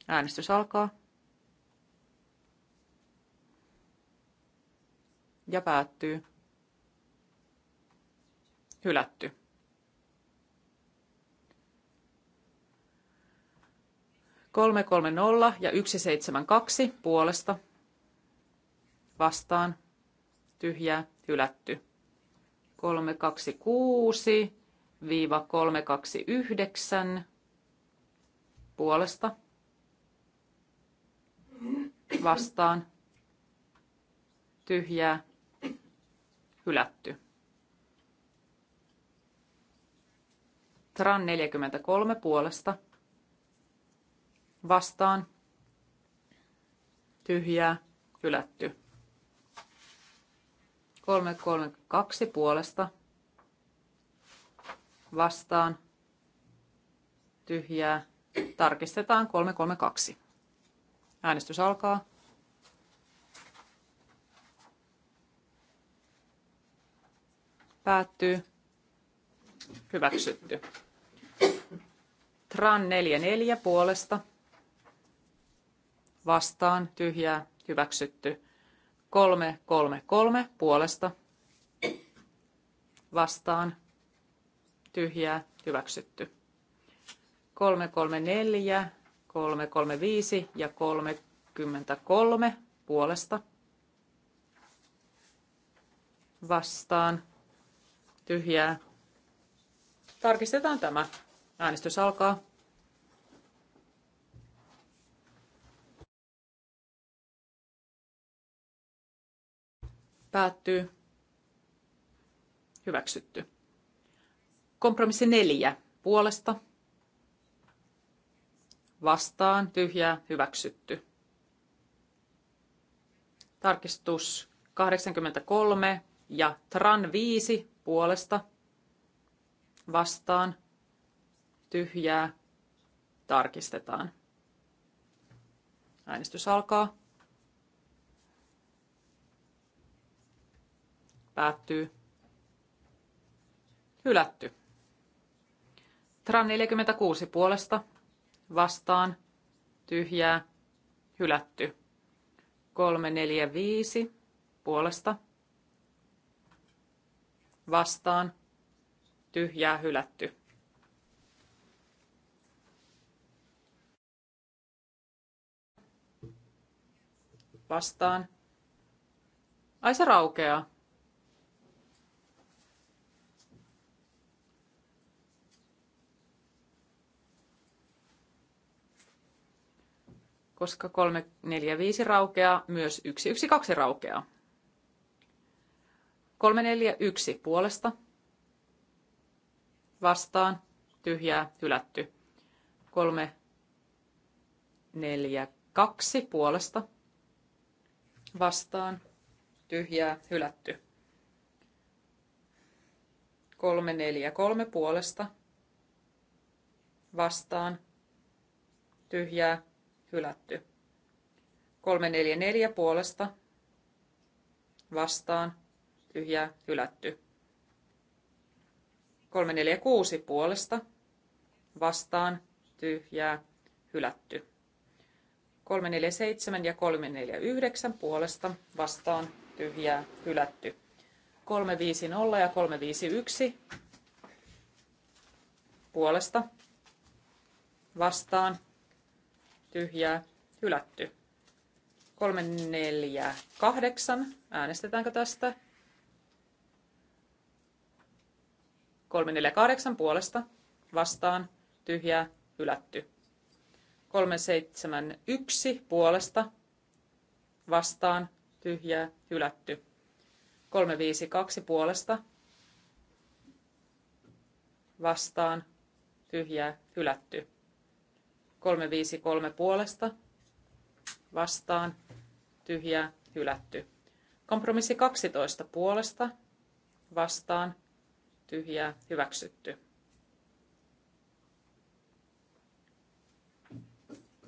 Äänestys alkaa. Ja päättyy. Hylätty. 330 ja 172 puolesta vastaan tyhjää hylätty. 326 viiva 329 puolesta vastaan tyhjää hylätty. Tran 43 puolesta vastaan tyhjää hylätty. 332 puolesta vastaan tyhjää. Tarkistetaan 332. Äänestys alkaa. Päättyy. Hyväksytty. Tran 44 puolesta vastaan, tyhjää, hyväksytty. kolme puolesta vastaan, tyhjää, hyväksytty. kolme viisi ja 33 puolesta vastaan, tyhjää. Tarkistetaan tämä. Äänestys alkaa. Päättyy. Hyväksytty. Kompromissi neljä. Puolesta. Vastaan. Tyhjää. Hyväksytty. Tarkistus 83 ja TRAN 5 puolesta. Vastaan. Tyhjää. Tarkistetaan. Äänestys alkaa. Päättyy. Hylätty. Tran 46 puolesta. Vastaan. Tyhjää. Hylätty. 345 puolesta. Vastaan. Tyhjää. Hylätty. vastaan. Ai se raukeaa. koska 345 raukeaa, myös 112 raukeaa. 341 puolesta, vastaan, tyhjää, hylätty. 342 puolesta, vastaan, tyhjää, hylätty. 343 puolesta, vastaan, tyhjää, hylätty. 344 puolesta vastaan tyhjää hylätty. 346 puolesta vastaan tyhjää hylätty. 347 ja 349 puolesta vastaan tyhjää hylätty. 350 ja 351 puolesta vastaan tyhjää, hylätty. 3, 4, 8. Äänestetäänkö tästä? 3, 4, 8 puolesta vastaan, tyhjää, hylätty. 3, 7, 1 puolesta vastaan, tyhjää, hylätty. 3, 5, 2 puolesta vastaan, tyhjää, hylätty. 353 puolesta vastaan tyhjää hylätty. Kompromissi 12 puolesta vastaan tyhjää hyväksytty.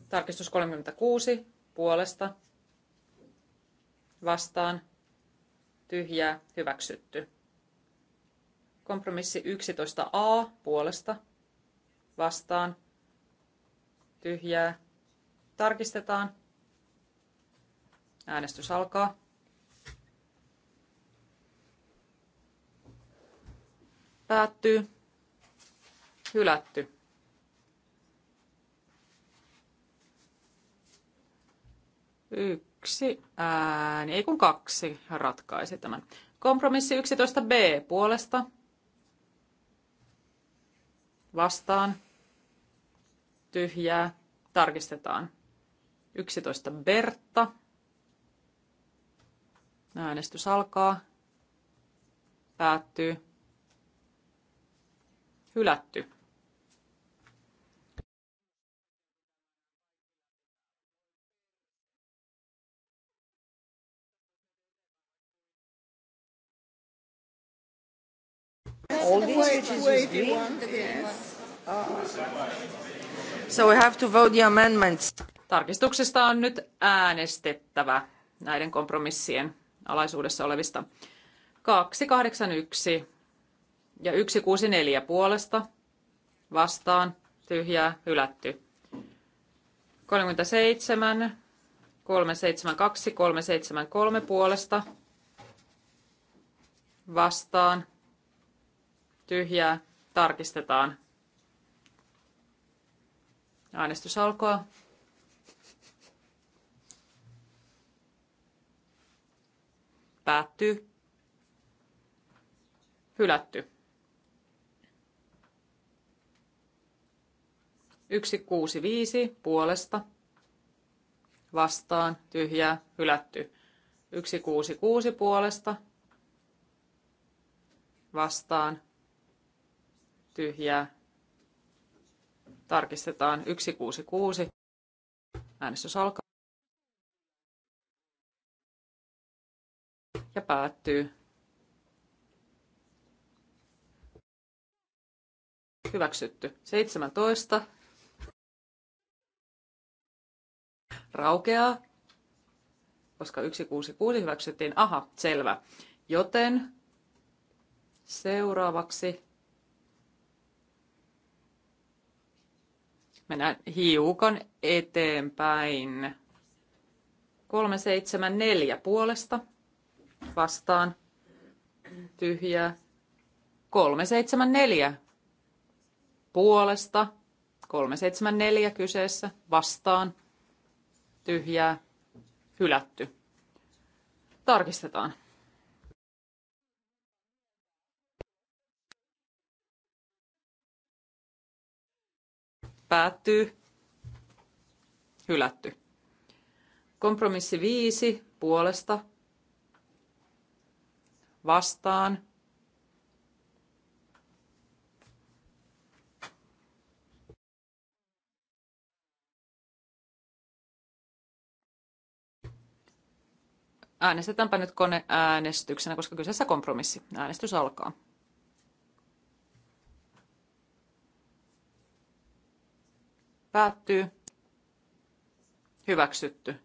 Tarkistus 36 puolesta vastaan tyhjää hyväksytty. Kompromissi 11a puolesta vastaan tyhjää. Tarkistetaan. Äänestys alkaa. Päättyy. Hylätty. Yksi ääni, ei kun kaksi ratkaisi tämän. Kompromissi 11b puolesta. Vastaan tyhjää, tarkistetaan. 11 Bertta. Äänestys alkaa. Päättyy. Hylätty. All these, which is green, yes. Uh, So we have to vote the amendments. Tarkistuksista on nyt äänestettävä näiden kompromissien alaisuudessa olevista. 281 ja 164 puolesta vastaan tyhjää hylätty. 37, 372, 373 puolesta vastaan tyhjää tarkistetaan Äänestys alkaa. Päättyy. Hylätty. Yksi kuusi viisi puolesta. Vastaan. Tyhjää. Hylätty. Yksi kuusi kuusi puolesta. Vastaan. Tyhjää Tarkistetaan 166. Äänestys alkaa. Ja päättyy. Hyväksytty. 17. Raukeaa, koska 166 hyväksyttiin. Aha, selvä. Joten seuraavaksi mennään hiukan eteenpäin. 374 puolesta vastaan tyhjää. 374 puolesta. 374 kyseessä vastaan tyhjää hylätty. Tarkistetaan. Päättyy. Hylätty. Kompromissi 5 puolesta. Vastaan. Äänestetäänpä nyt koneäänestyksenä, koska kyseessä kompromissi. Äänestys alkaa. Päättyy. Hyväksytty.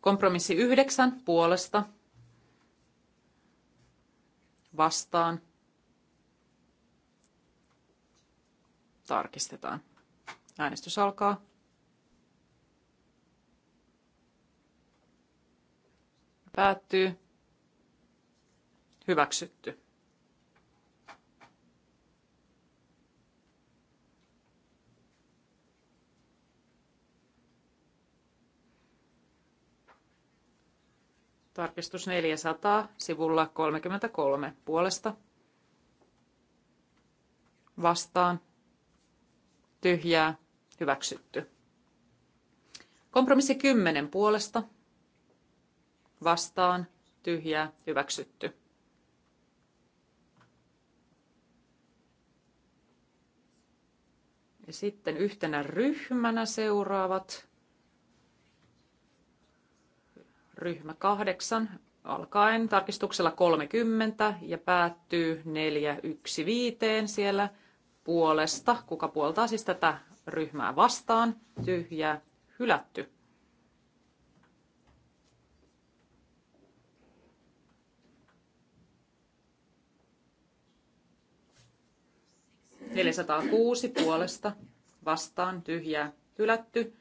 Kompromissi yhdeksän puolesta vastaan. Tarkistetaan. Äänestys alkaa. Päättyy. Hyväksytty. Tarkistus 400 sivulla 33 puolesta. Vastaan. Tyhjää Hyväksytty. Kompromissi 10 puolesta. Vastaan. Tyhjää. Hyväksytty. Ja sitten yhtenä ryhmänä seuraavat ryhmä kahdeksan alkaen tarkistuksella 30 ja päättyy 415 siellä puolesta. Kuka puoltaa siis tätä ryhmää vastaan, tyhjä hylätty. kuusi puolesta vastaan tyhjää hylätty.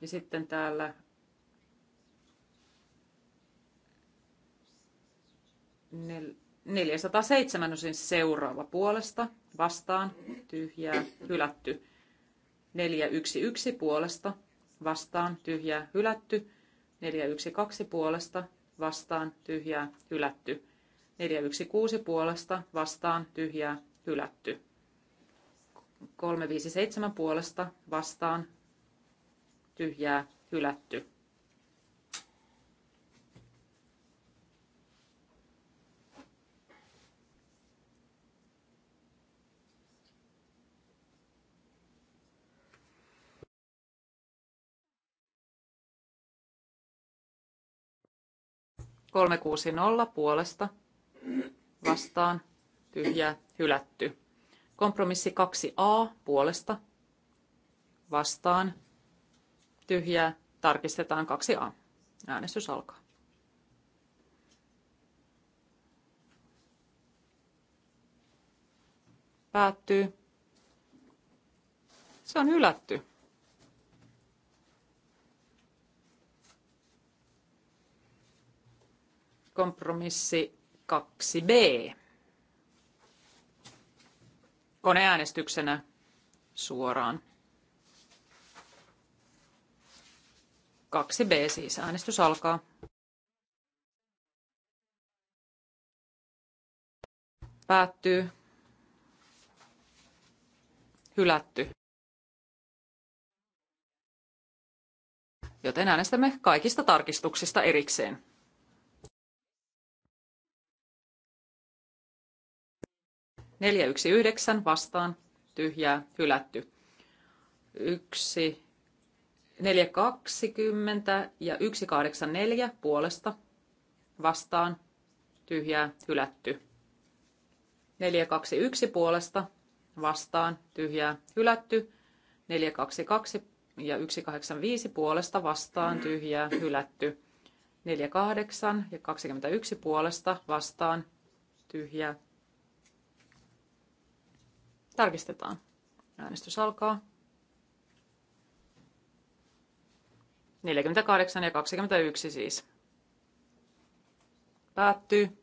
Ja sitten täällä nel, 407 osin seuraava puolesta, vastaan, tyhjää, hylätty. 411 puolesta, vastaan, tyhjää, hylätty. 412 puolesta, vastaan, tyhjää, hylätty. 416 puolesta, vastaan, tyhjää, hylätty. 357 puolesta, vastaan, tyhjää, hylätty. 360 puolesta vastaan tyhjä hylätty. Kompromissi 2a puolesta vastaan tyhjää tarkistetaan 2a. Äänestys alkaa. Päättyy. Se on hylätty. Kompromissi 2b. Koneäänestyksenä suoraan. 2b siis. Äänestys alkaa. Päättyy. Hylätty. Joten äänestämme kaikista tarkistuksista erikseen. 419 vastaan, tyhjää, hylätty. 1, 420 ja 184 puolesta vastaan, tyhjää, hylätty. 421 puolesta vastaan, tyhjää, hylätty. 422 ja 185 puolesta vastaan, tyhjää, hylätty. 48 ja 21 puolesta vastaan, tyhjää, Tarkistetaan. Äänestys alkaa. 48 ja 21 siis. Päättyy.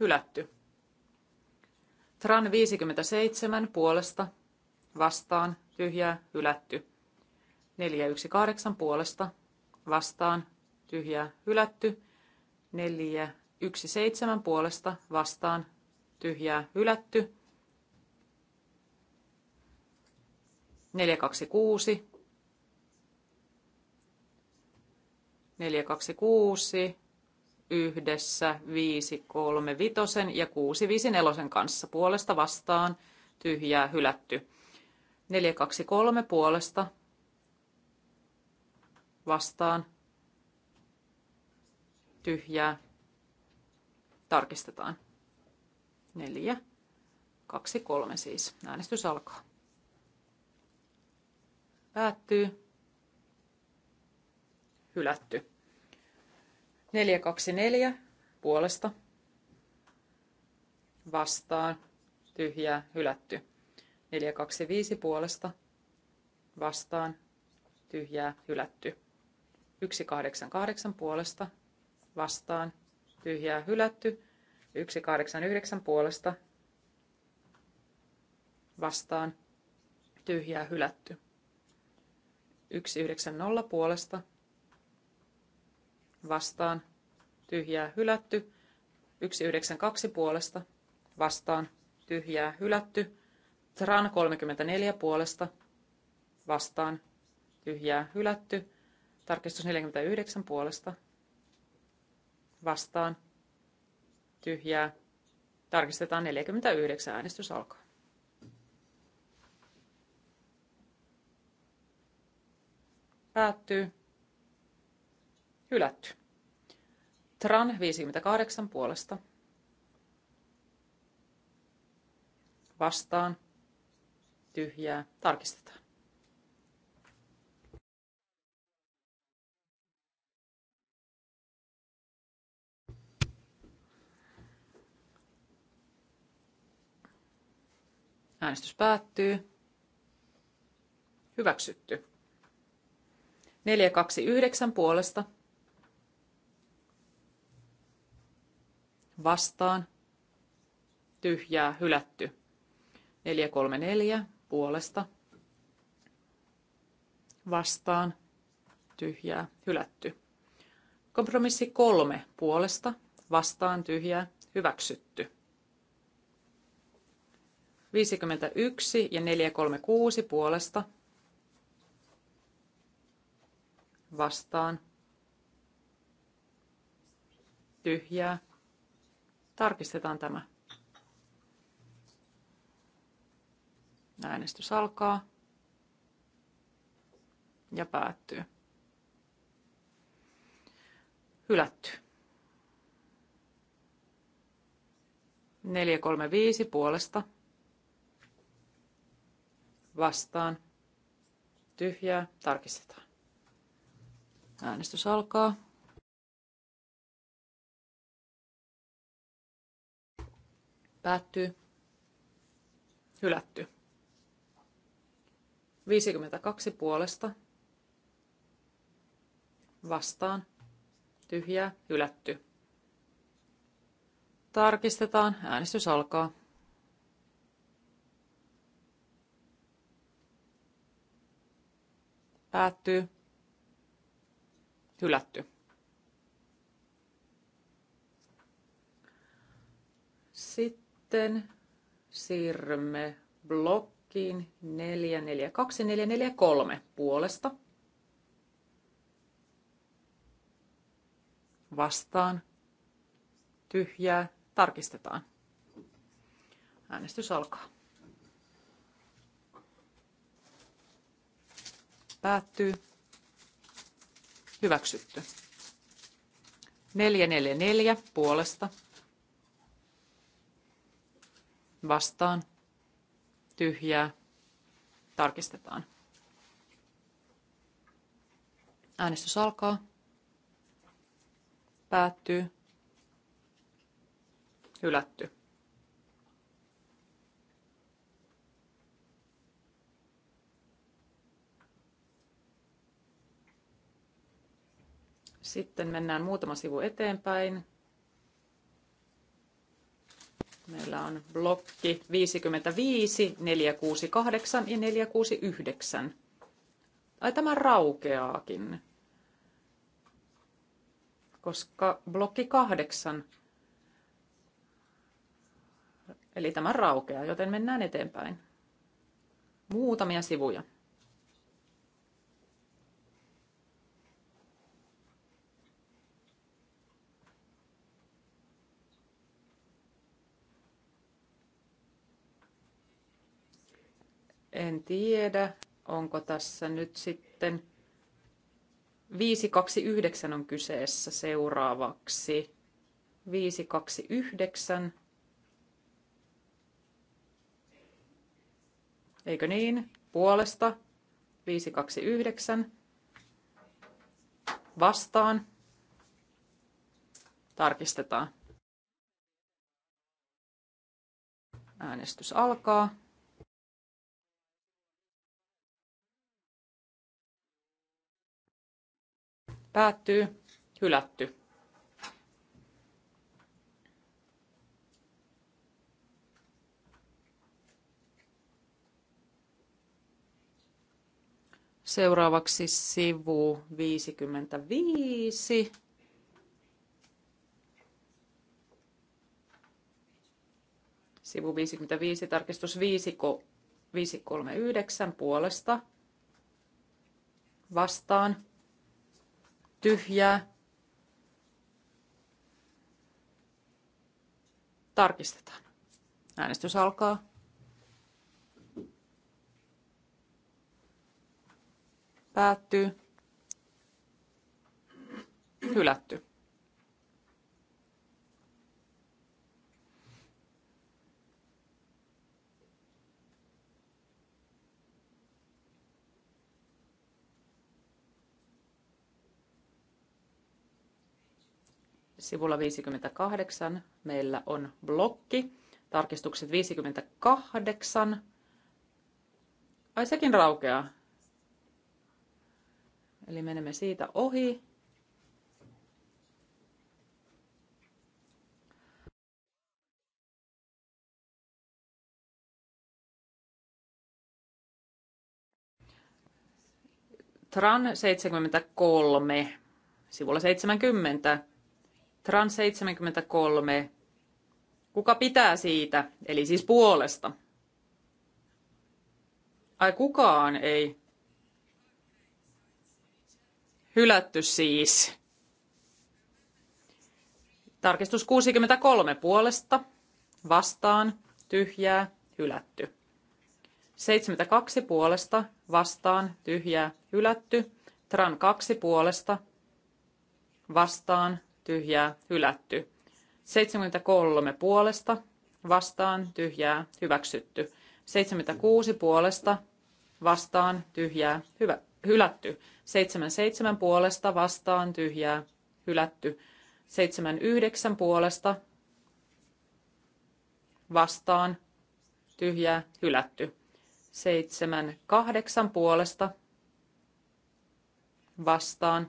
Hylätty. Tran 57 puolesta. Vastaan. Tyhjää. Hylätty. 418 puolesta. Vastaan. Tyhjää. Hylätty. 417 puolesta. Vastaan. Tyhjää. Hylätty. 426. 426 yhdessä 535 ja 654 kanssa puolesta vastaan tyhjää hylätty. 423 puolesta vastaan tyhjää tarkistetaan. 4 2 3 siis. Äänestys alkaa. Päättyy. Hylätty. 424 puolesta. Vastaan. Tyhjää. Hylätty. 425 puolesta. Vastaan. Tyhjää. Hylätty. 188 puolesta. Vastaan. Tyhjää. Hylätty. 189 puolesta vastaan tyhjää hylätty. 190 puolesta vastaan tyhjää hylätty. 192 puolesta vastaan tyhjää hylätty. Tran 34 puolesta vastaan tyhjää hylätty. Tarkistus 49 puolesta vastaan tyhjää. Tarkistetaan 49 äänestys alkaa. Päättyy. Hylätty. Tran 58 puolesta. Vastaan. Tyhjää. Tarkistetaan. Äänestys päättyy. Hyväksytty. 429 puolesta. Vastaan. Tyhjää hylätty. 434 puolesta. Vastaan. Tyhjää hylätty. Kompromissi kolme puolesta. Vastaan tyhjää hyväksytty. 51 ja 436 puolesta vastaan tyhjää. Tarkistetaan tämä. Äänestys alkaa ja päättyy. Hylätty. 435 puolesta. Vastaan. Tyhjää. Tarkistetaan. Äänestys alkaa. Päättyy. Hylätty. 52 puolesta. Vastaan. Tyhjää. Hylätty. Tarkistetaan. Äänestys alkaa. Päättyy hylätty. Sitten siirrymme blokkiin 442 443 puolesta. Vastaan. Tyhjää. Tarkistetaan. Äänestys alkaa. Päättyy. Hyväksytty. 444 puolesta. Vastaan. Tyhjää. Tarkistetaan. Äänestys alkaa. Päättyy. Hylätty. Sitten mennään muutama sivu eteenpäin. Meillä on blokki 55, 468 ja 469. Ai tämä raukeaakin, koska blokki 8. Eli tämä raukeaa, joten mennään eteenpäin. Muutamia sivuja. En tiedä, onko tässä nyt sitten 529 on kyseessä seuraavaksi. 529. Eikö niin? Puolesta. 529. Vastaan. Tarkistetaan. Äänestys alkaa. Päättyy. Hylätty. Seuraavaksi sivu 55. Sivu 55, tarkistus 5, 539 puolesta vastaan tyhjää. Tarkistetaan. Äänestys alkaa. Päättyy. Hylätty. sivulla 58 meillä on blokki. Tarkistukset 58. Ai sekin raukeaa. Eli menemme siitä ohi. Tran 73, sivulla 70. Trans 73. Kuka pitää siitä, eli siis puolesta? Ai kukaan ei. Hylätty siis. Tarkistus 63 puolesta. Vastaan. Tyhjää. Hylätty. 72 puolesta. Vastaan. Tyhjää. Hylätty. Tran 2 puolesta. Vastaan tyhjää, hylätty. 73 puolesta, vastaan, tyhjää, hyväksytty. 76 puolesta, vastaan, tyhjää, hyvä, hylätty. 77 puolesta, vastaan, tyhjää, hylätty. 79 puolesta, vastaan, tyhjää, hylätty. 78 puolesta, vastaan,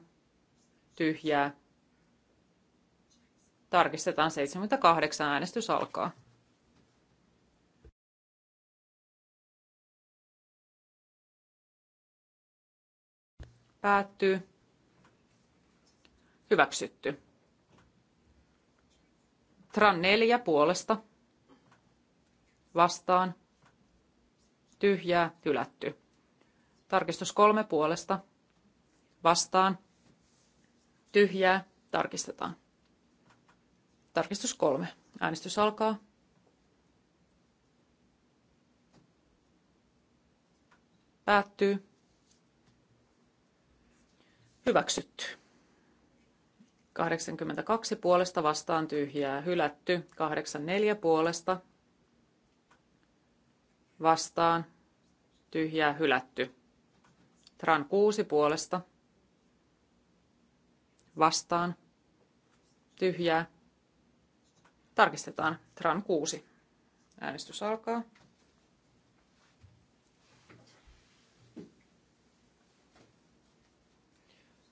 tyhjää, Tarkistetaan 78. Äänestys alkaa. Päättyy. Hyväksytty. Tran 4 puolesta. Vastaan. Tyhjää. Hylätty. Tarkistus kolme puolesta. Vastaan. Tyhjää. Tarkistetaan. Tarkistus kolme. Äänestys alkaa. Päättyy. Hyväksytty. 82 puolesta vastaan tyhjää. Hylätty. 84 puolesta vastaan tyhjää. Hylätty. Tran 6 puolesta vastaan tyhjää Tarkistetaan. Tran 6. Äänestys alkaa.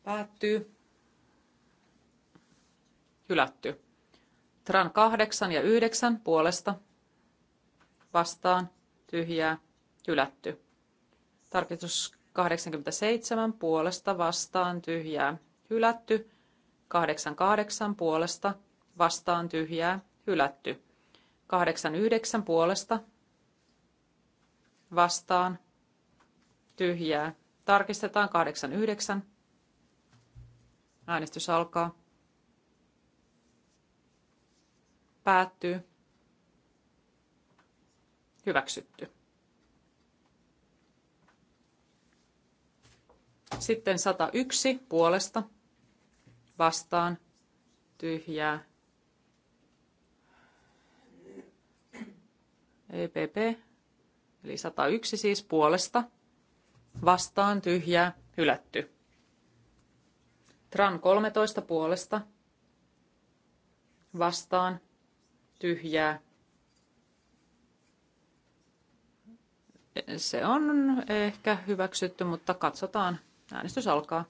Päättyy. Hylätty. Tran 8 ja 9 puolesta. Vastaan. Tyhjää. Hylätty. Tarkistus 87 puolesta vastaan tyhjää. Hylätty. 88 puolesta vastaan tyhjää hylätty. 89 puolesta vastaan tyhjää. Tarkistetaan 89. Äänestys alkaa. Päättyy. Hyväksytty. Sitten 101 puolesta vastaan tyhjää EPP, eli 101 siis puolesta, vastaan tyhjää, hylätty. Tran 13 puolesta, vastaan tyhjää. Se on ehkä hyväksytty, mutta katsotaan. Äänestys alkaa.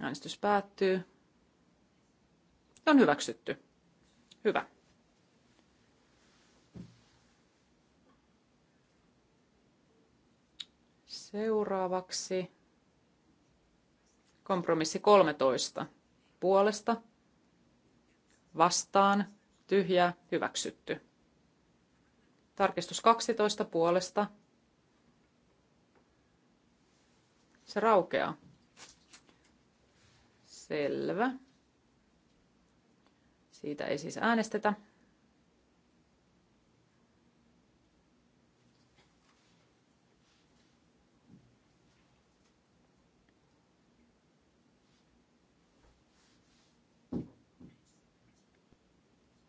Äänestys päättyy. Ne on hyväksytty. Hyvä. Seuraavaksi kompromissi 13. Puolesta, vastaan, tyhjä hyväksytty. Tarkistus 12 puolesta. Se raukeaa. Selvä. Siitä ei siis äänestetä.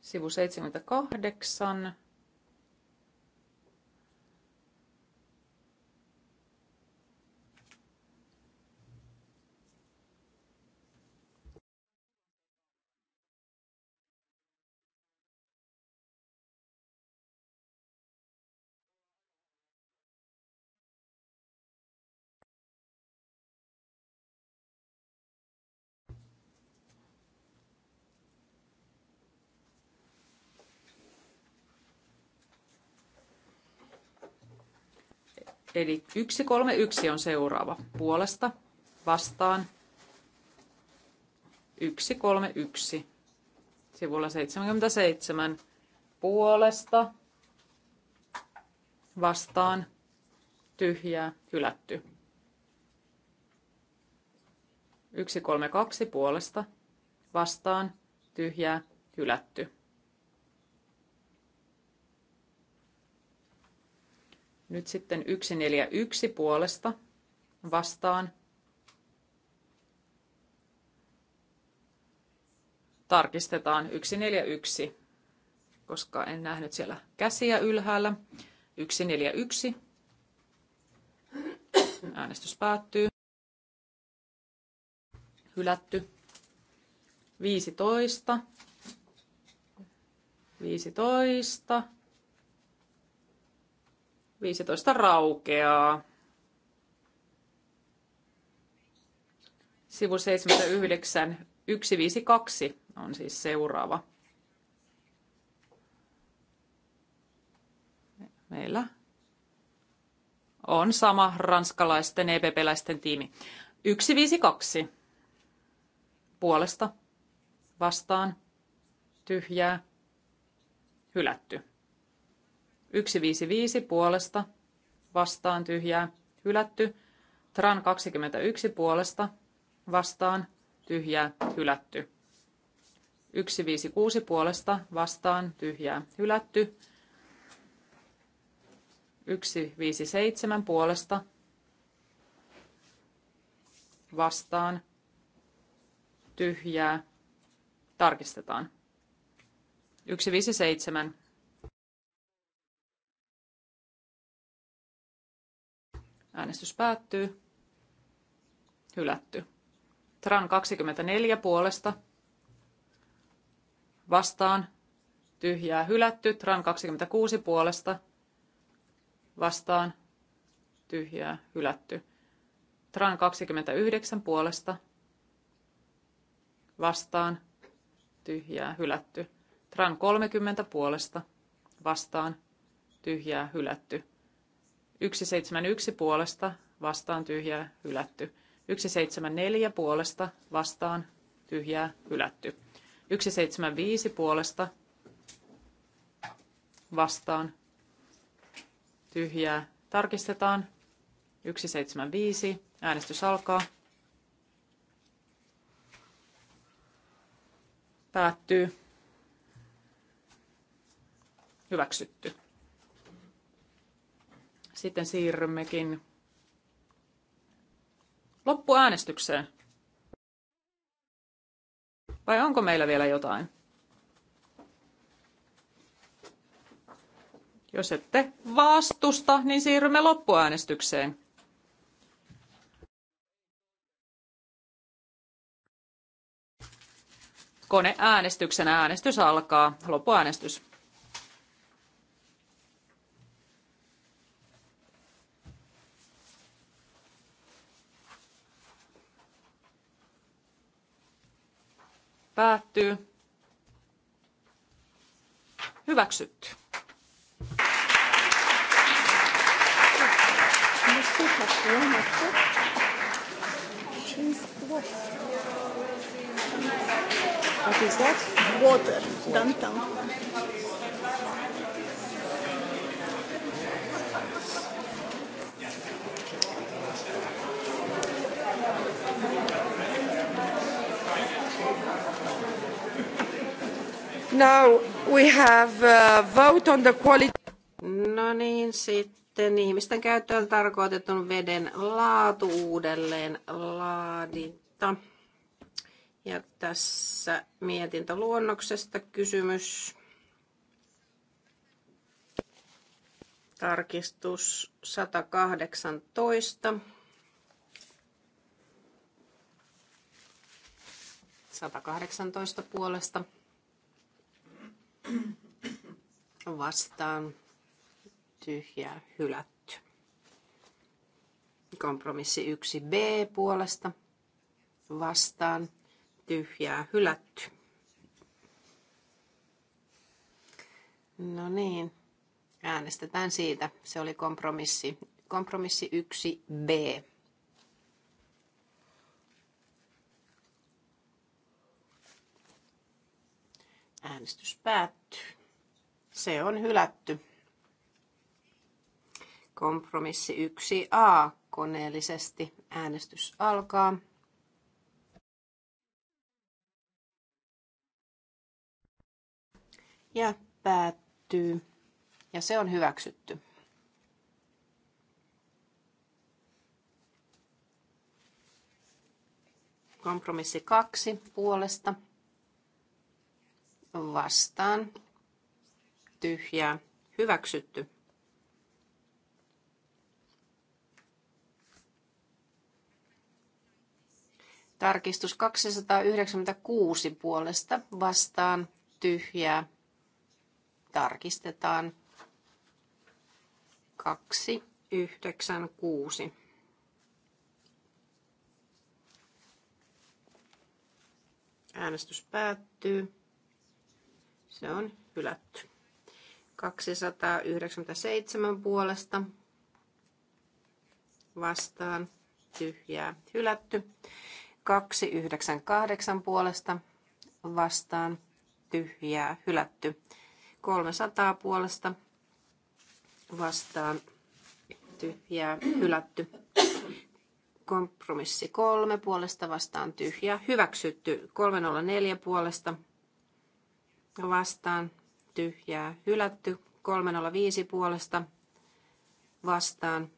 Sivu 78. Eli 131 on seuraava puolesta vastaan. 131 sivulla 77 puolesta vastaan tyhjää hylätty. 132 puolesta vastaan tyhjää hylätty. Nyt sitten 141 puolesta vastaan. Tarkistetaan 141, koska en nähnyt siellä käsiä ylhäällä. 141. Äänestys päättyy. Hylätty. 15. 15. 15 raukeaa. Sivu 79, 152 on siis seuraava. Meillä on sama ranskalaisten EPP-läisten tiimi. 152 puolesta vastaan tyhjää hylätty. 155 puolesta vastaan tyhjää hylätty. Tran 21 puolesta vastaan tyhjää hylätty. 156 puolesta vastaan tyhjää hylätty. 157 puolesta vastaan tyhjää tarkistetaan. 157 Äänestys päättyy. Hylätty. Tran 24 puolesta. Vastaan. Tyhjää hylätty. Tran 26 puolesta. Vastaan. Tyhjää hylätty. Tran 29 puolesta. Vastaan. Tyhjää hylätty. Tran 30 puolesta. Vastaan. Tyhjää hylätty. 171 puolesta vastaan tyhjää hylätty. 174 puolesta vastaan tyhjää hylätty. 175 puolesta vastaan tyhjää tarkistetaan. 175 äänestys alkaa. Päättyy. Hyväksytty. Sitten siirrymmekin loppuäänestykseen. Vai onko meillä vielä jotain? Jos ette vastusta, niin siirrymme loppuäänestykseen. Koneäänestyksen äänestys alkaa. Loppuäänestys. päättyy. Hyväksytty. What is that? Water. Downtown. Thank you. Now we have a uh, vote on the quality. No niin, sitten ihmisten käyttöön tarkoitetun veden laatu uudelleen laadinta. Ja tässä mietintöluonnoksesta kysymys. Tarkistus 118. 118 puolesta vastaan tyhjää hylätty. Kompromissi 1b puolesta vastaan tyhjää hylätty. No niin, äänestetään siitä. Se oli kompromissi, kompromissi 1b. Äänestys päättyy. Se on hylätty. Kompromissi 1a koneellisesti. Äänestys alkaa. Ja päättyy. Ja se on hyväksytty. Kompromissi 2 puolesta vastaan tyhjää hyväksytty. Tarkistus 296 puolesta vastaan tyhjää. Tarkistetaan 296. Äänestys päättyy. Se on hylätty. 297 puolesta vastaan tyhjää hylätty. 298 puolesta vastaan tyhjää hylätty. 300 puolesta vastaan tyhjää hylätty. Kompromissi 3 puolesta vastaan tyhjää hyväksytty. 304 puolesta vastaan tyhjää hylätty. 305 puolesta vastaan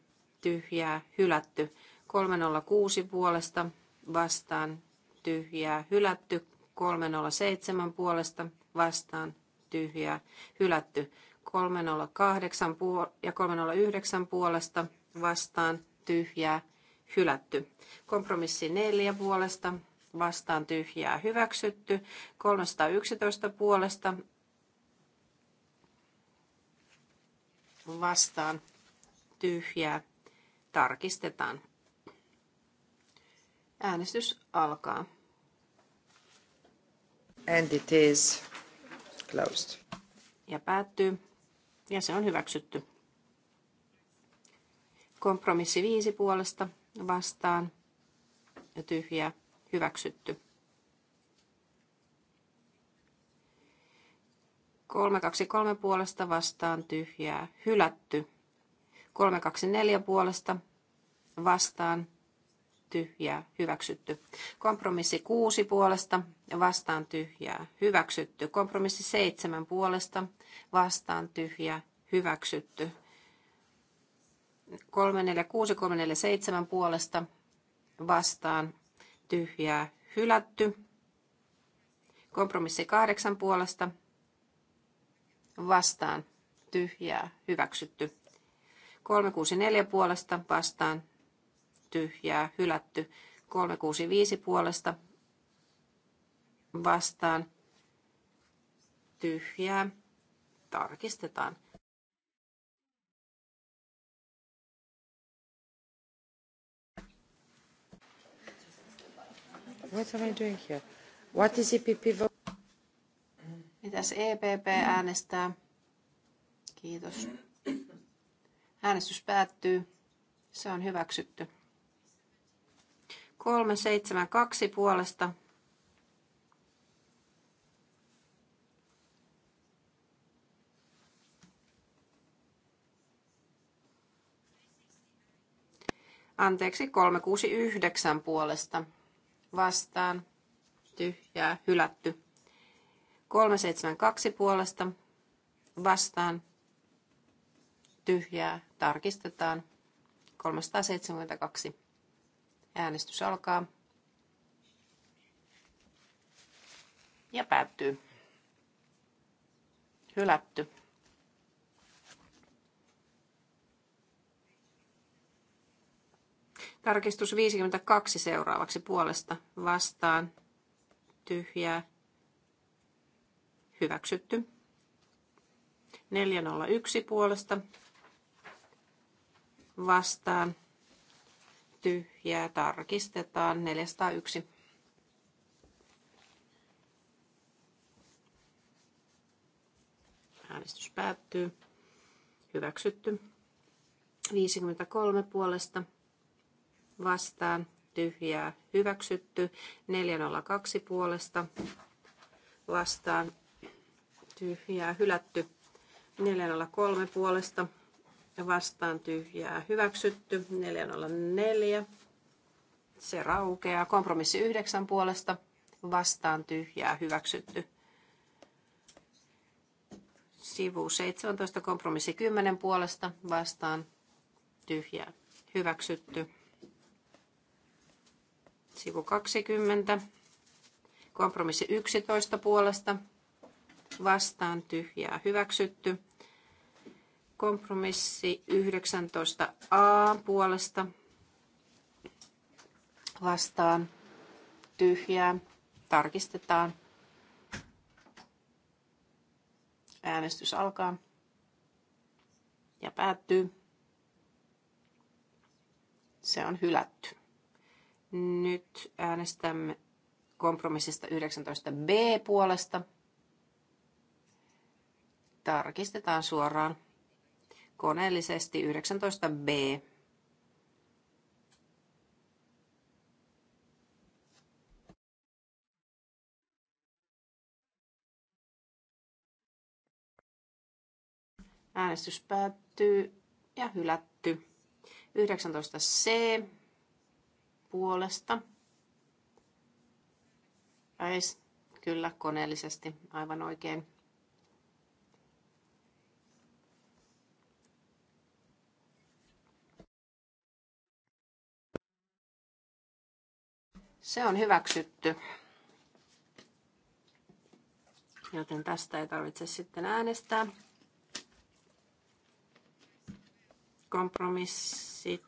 tyhjää hylätty. 306 puolesta vastaan tyhjää hylätty. 307 puolesta vastaan tyhjää hylätty. 308 ja 309 puolesta vastaan tyhjää hylätty. Kompromissi 4 puolesta vastaan tyhjää hyväksytty. 311 puolesta vastaan tyhjää tarkistetaan. Äänestys alkaa. And it is closed. Ja päättyy. Ja se on hyväksytty. Kompromissi viisi puolesta vastaan ja tyhjää hyväksytty. 323 puolesta vastaan tyhjää hylätty. 324 puolesta vastaan tyhjää hyväksytty. Kompromissi 6 puolesta vastaan tyhjää hyväksytty. Kompromissi 7 puolesta vastaan tyhjää hyväksytty. 346 347 puolesta vastaan tyhjää hylätty. Kompromissi kahdeksan puolesta vastaan tyhjää hyväksytty. 364 puolesta vastaan tyhjää hylätty. 365 puolesta vastaan tyhjää tarkistetaan. Mitäs EPP äänestää? Kiitos. Äänestys päättyy. Se on hyväksytty. 372 puolesta. Anteeksi, 369 puolesta vastaan tyhjää hylätty. 372 puolesta vastaan tyhjää tarkistetaan. 372. Äänestys alkaa. Ja päättyy. Hylätty. Tarkistus 52 seuraavaksi puolesta vastaan. Tyhjää. Hyväksytty. 401 puolesta vastaan. Tyhjää tarkistetaan 401. Äänestys päättyy. Hyväksytty. 53 puolesta vastaan tyhjää hyväksytty. 402 puolesta vastaan tyhjää hylätty. 403 puolesta vastaan tyhjää hyväksytty. 404 se raukeaa. Kompromissi 9 puolesta vastaan tyhjää hyväksytty. Sivu 17 kompromissi 10 puolesta vastaan tyhjää hyväksytty sivu 20. Kompromissi 11 puolesta vastaan tyhjää hyväksytty. Kompromissi 19a puolesta vastaan tyhjää. Tarkistetaan. Äänestys alkaa ja päättyy. Se on hylätty. Nyt äänestämme kompromissista 19b puolesta. Tarkistetaan suoraan koneellisesti 19b. Äänestys päättyy ja hylätty. 19c puolesta. Päis kyllä, koneellisesti, aivan oikein. Se on hyväksytty. Joten tästä ei tarvitse sitten äänestää. Kompromissit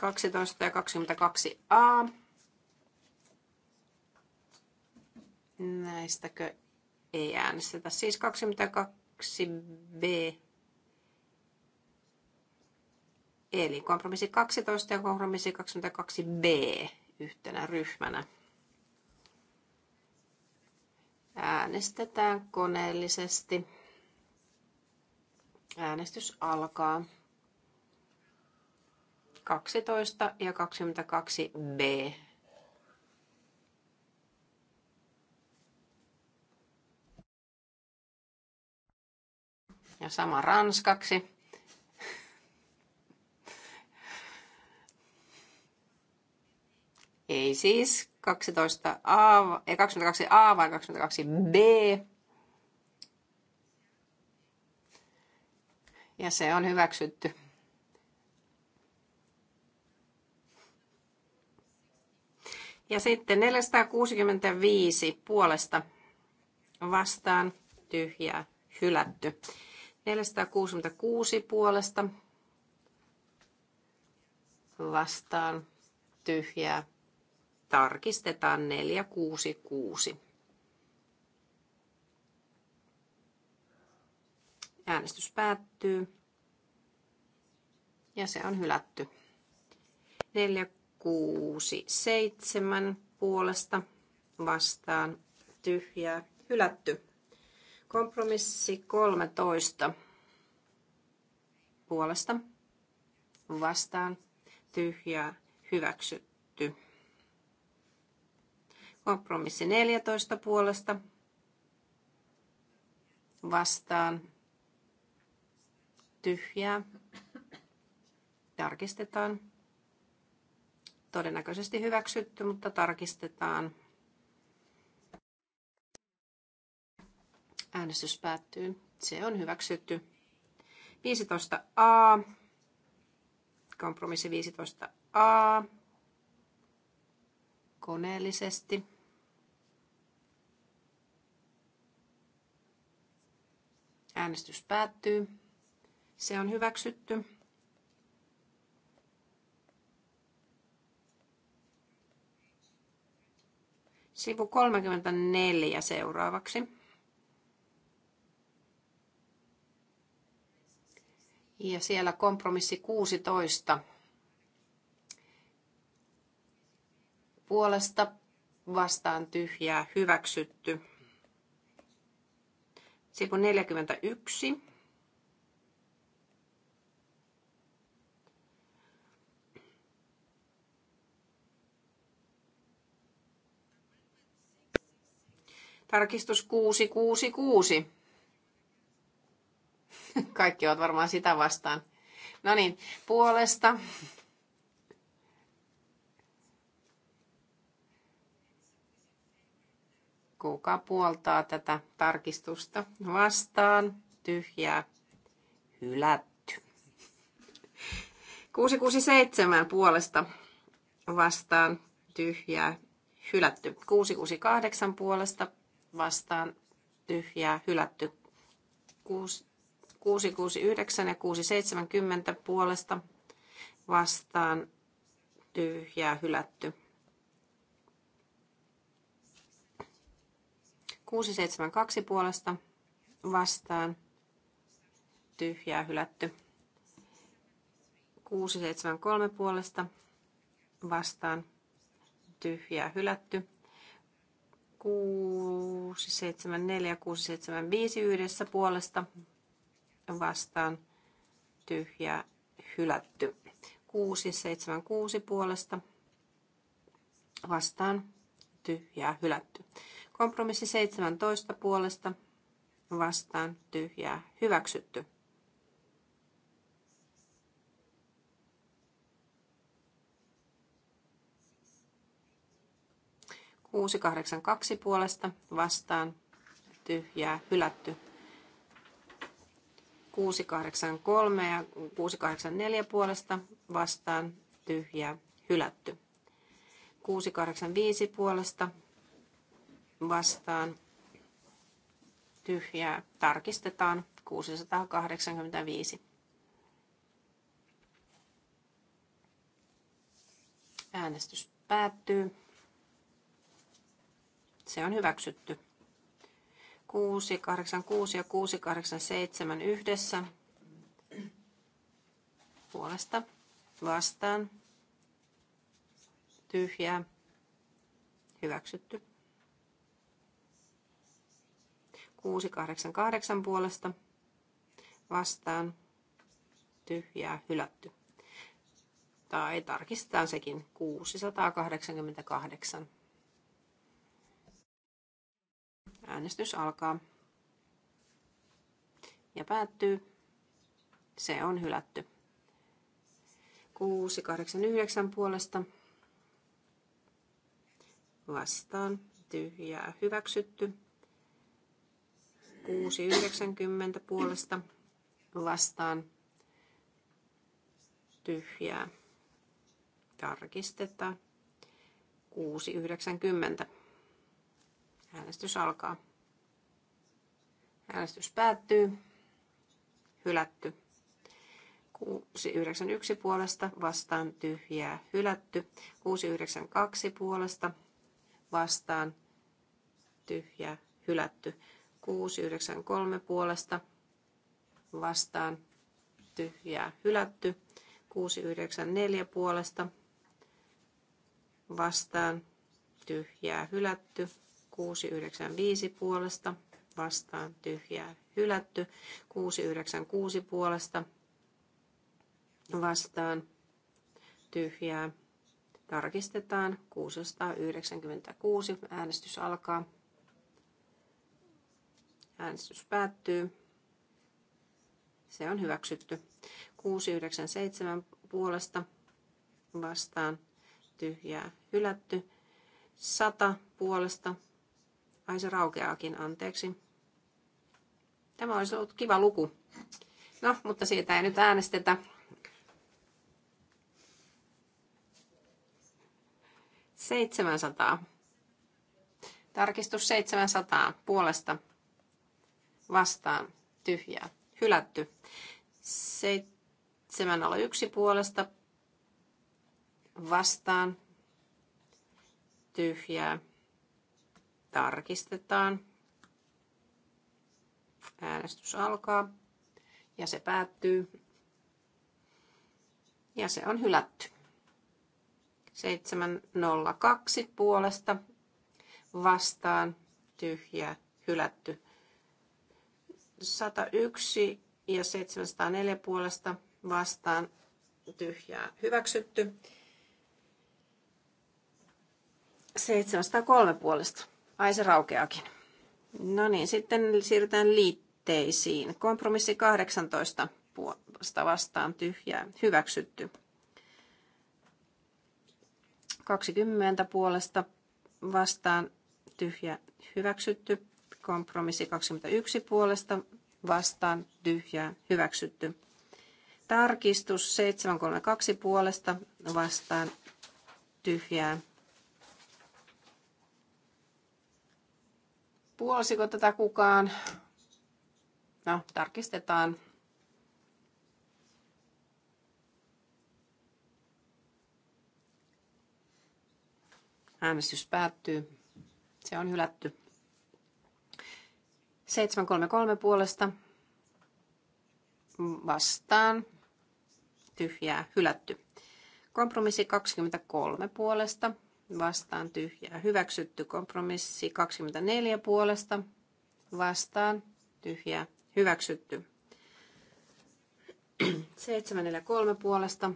12 ja 22a. Näistäkö ei äänestetä? Siis 22b. Eli kompromissi 12 ja kompromissi 22b yhtenä ryhmänä. Äänestetään koneellisesti. Äänestys alkaa. 12 ja 22b. Ja sama ranskaksi. Ei siis 12a, ei 22a vaan 22b. Ja se on hyväksytty. Ja sitten 465 puolesta vastaan tyhjää hylätty. 466 puolesta vastaan tyhjää. Tarkistetaan 466. Äänestys päättyy ja se on hylätty. 4 6, 7 puolesta vastaan tyhjää hylätty. Kompromissi 13 puolesta vastaan tyhjää hyväksytty. Kompromissi 14 puolesta vastaan tyhjää. Tarkistetaan todennäköisesti hyväksytty, mutta tarkistetaan. Äänestys päättyy. Se on hyväksytty. 15a. Kompromissi 15a. Koneellisesti. Äänestys päättyy. Se on hyväksytty. Sivu 34 seuraavaksi. Ja siellä kompromissi 16. Puolesta vastaan tyhjää hyväksytty. Sivu 41. Tarkistus 666. Kaikki ovat varmaan sitä vastaan. No niin, puolesta. Kuka puoltaa tätä tarkistusta? Vastaan. Tyhjää. Hylätty. 667 puolesta vastaan tyhjää hylätty. 668 puolesta vastaan tyhjää hylätty. 669 ja 670 puolesta vastaan tyhjää hylätty. 672 puolesta vastaan tyhjää hylätty. 673 puolesta vastaan tyhjää hylätty. 674 ja 675 yhdessä puolesta vastaan tyhjä hylätty. 676 puolesta vastaan tyhjää hylätty. Kompromissi 17 puolesta vastaan tyhjää hyväksytty. 682 puolesta vastaan tyhjää hylätty. 683 ja 684 puolesta vastaan tyhjää hylätty. 685 puolesta vastaan tyhjää tarkistetaan 685. Äänestys päättyy. Se on hyväksytty. 6 ja 7 yhdessä puolesta vastaan tyhjää hyväksytty. 8 puolesta vastaan tyhjää hylätty. Tai tarkistetaan sekin 688. Äänestys alkaa ja päättyy. Se on hylätty. 689 puolesta vastaan tyhjää hyväksytty. 690 puolesta vastaan tyhjää tarkistetaan. 690. Äänestys alkaa. Äänestys päättyy. Hylätty. 691 puolesta vastaan tyhjää hylätty. 692 puolesta vastaan tyhjää hylätty. 693 puolesta vastaan tyhjää hylätty. 694 puolesta vastaan tyhjää hylätty. 695 puolesta vastaan tyhjää hylätty. 696 puolesta vastaan tyhjää. Tarkistetaan 696. Äänestys alkaa. Äänestys päättyy. Se on hyväksytty. 697 puolesta vastaan tyhjää hylätty. 100 puolesta Ai se raukeaakin, anteeksi. Tämä olisi ollut kiva luku. No, mutta siitä ei nyt äänestetä. Seitsemänsataa. Tarkistus 700 puolesta vastaan tyhjää. Hylätty. 701 puolesta vastaan tyhjää. Tarkistetaan. Äänestys alkaa ja se päättyy. Ja se on hylätty. 702 puolesta vastaan tyhjä hylätty. 101 ja 704 puolesta vastaan tyhjää hyväksytty. 703 puolesta Ai se raukeakin. No niin, sitten siirrytään liitteisiin. Kompromissi 18 puolesta vastaan tyhjää. Hyväksytty. 20 puolesta vastaan tyhjä hyväksytty. Kompromissi 21 puolesta vastaan tyhjää hyväksytty. Tarkistus 732 puolesta vastaan tyhjää Puolsiko tätä kukaan? No, tarkistetaan. Äänestys päättyy. Se on hylätty. 733 puolesta vastaan. Tyhjää hylätty. Kompromissi 23 puolesta vastaan tyhjää. Hyväksytty kompromissi 24 puolesta vastaan tyhjää. Hyväksytty. 743 puolesta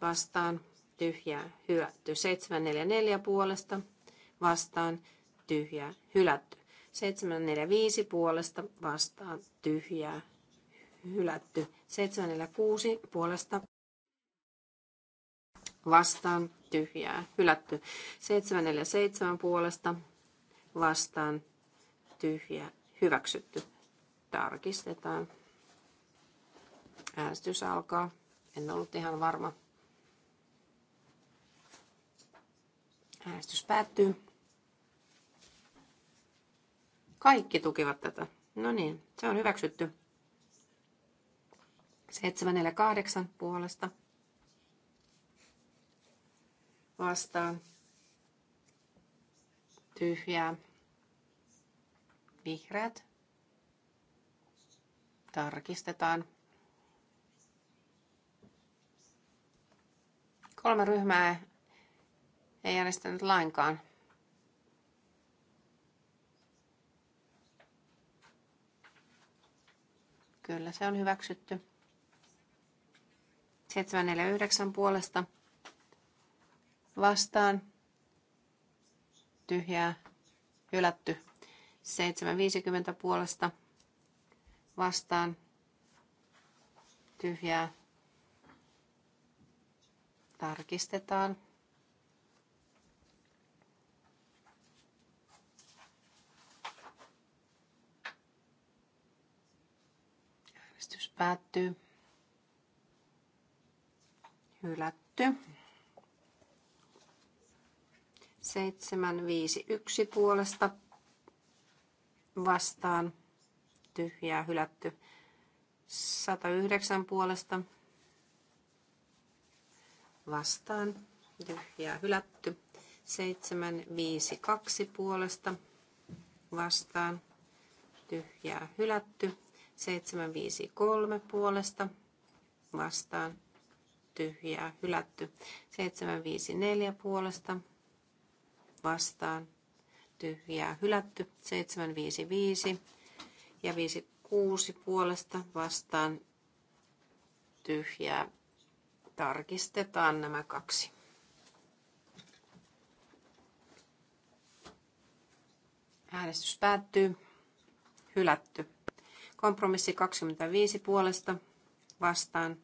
vastaan tyhjää. Hylätty. 744 puolesta vastaan tyhjää. Hylätty. 745 puolesta vastaan tyhjää. Hylätty. 746 puolesta vastaan tyhjää hylätty. 747 puolesta vastaan tyhjää hyväksytty. Tarkistetaan. Äänestys alkaa. En ollut ihan varma. Äänestys päättyy. Kaikki tukivat tätä. No niin, se on hyväksytty. 748 puolesta vastaan tyhjää. Vihreät tarkistetaan. Kolme ryhmää ei äänestänyt lainkaan. Kyllä se on hyväksytty. 749 puolesta vastaan, tyhjää, hylätty. 750 puolesta vastaan, tyhjää, tarkistetaan. Äänestys päättyy. Hylätty. 751 puolesta vastaan tyhjää hylätty. 109 puolesta vastaan tyhjää hylätty. 752 puolesta vastaan tyhjää hylätty. 753 puolesta vastaan tyhjää hylätty. 754 puolesta vastaan, vastaan tyhjää hylätty 755 ja 56 puolesta vastaan tyhjää. Tarkistetaan nämä kaksi. Äänestys päättyy. Hylätty. Kompromissi 25 puolesta vastaan.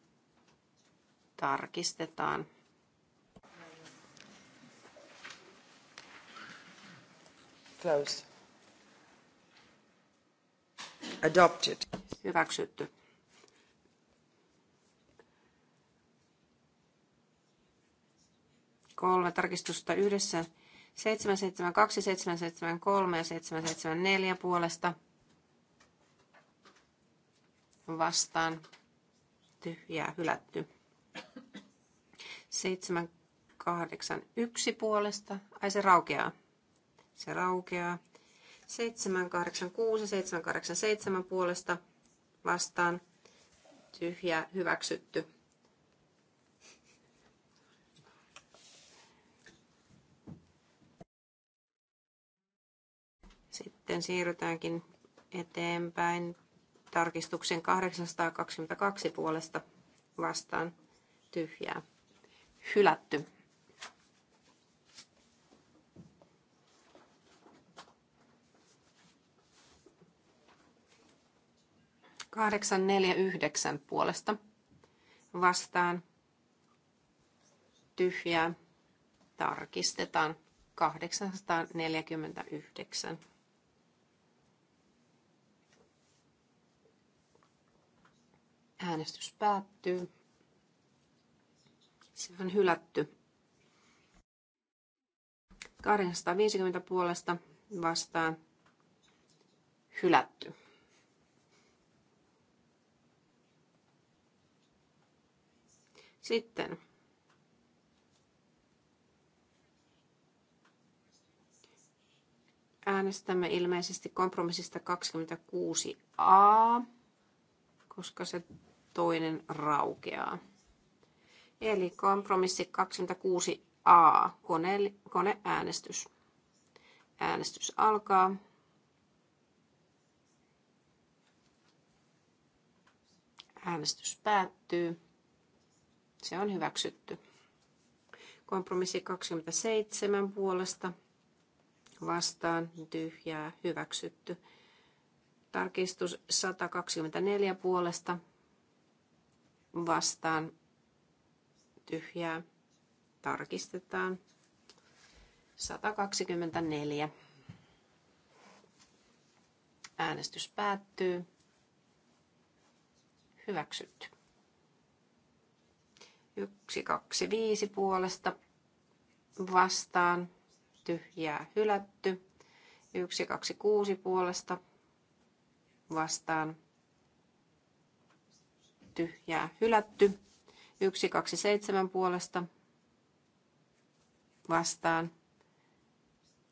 Tarkistetaan. Close. Adopted. Hyväksytty. Kolme tarkistusta yhdessä. 772, 773 ja 774 puolesta vastaan tyhjää hylätty. 781 puolesta. Ai se raukeaa. Se raukeaa. 786, 787 puolesta vastaan tyhjä hyväksytty. Sitten siirrytäänkin eteenpäin tarkistuksen 822 puolesta vastaan tyhjää. Hylätty. 849 puolesta vastaan tyhjää tarkistetaan 849. Äänestys päättyy. Se on hylätty. 850 puolesta vastaan hylätty. Sitten äänestämme ilmeisesti kompromissista 26a, koska se toinen raukeaa. Eli kompromissi 26a, kone, koneäänestys. Äänestys alkaa. Äänestys päättyy. Se on hyväksytty. Kompromissi 27 puolesta vastaan tyhjää hyväksytty. Tarkistus 124 puolesta vastaan tyhjää tarkistetaan. 124. Äänestys päättyy. Hyväksytty. Yksi kaksi viisi puolesta vastaan tyhjää hylätty. Yksi kaksi kuusi puolesta vastaan tyhjää hylätty. Yksi kaksi seitsemän puolesta vastaan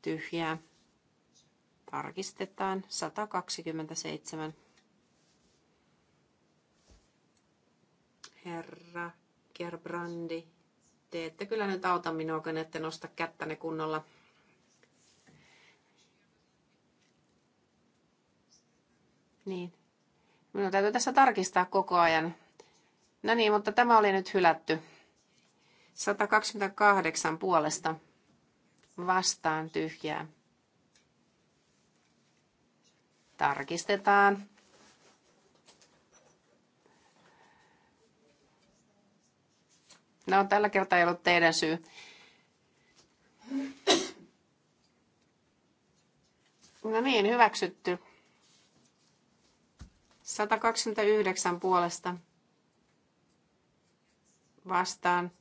tyhjää. Tarkistetaan 127. Herra Gerbrandi, te ette kyllä nyt auta minua, kun ette nosta kättäne kunnolla. Niin. Minun täytyy tässä tarkistaa koko ajan. No niin, mutta tämä oli nyt hylätty. 128 puolesta vastaan tyhjää. Tarkistetaan. No, tällä kertaa ei ollut teidän syy. No niin, hyväksytty. 129 puolesta vastaan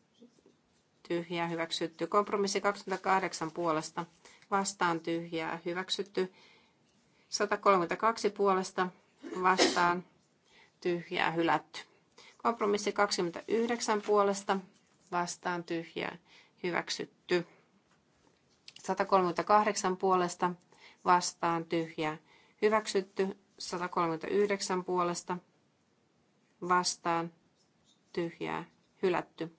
tyhjää hyväksytty. Kompromissi 28 puolesta vastaan tyhjää hyväksytty. 132 puolesta vastaan tyhjää hylätty. Kompromissi 29 puolesta vastaan tyhjää hyväksytty. 138 puolesta vastaan tyhjää hyväksytty. 139 puolesta vastaan tyhjää hylätty.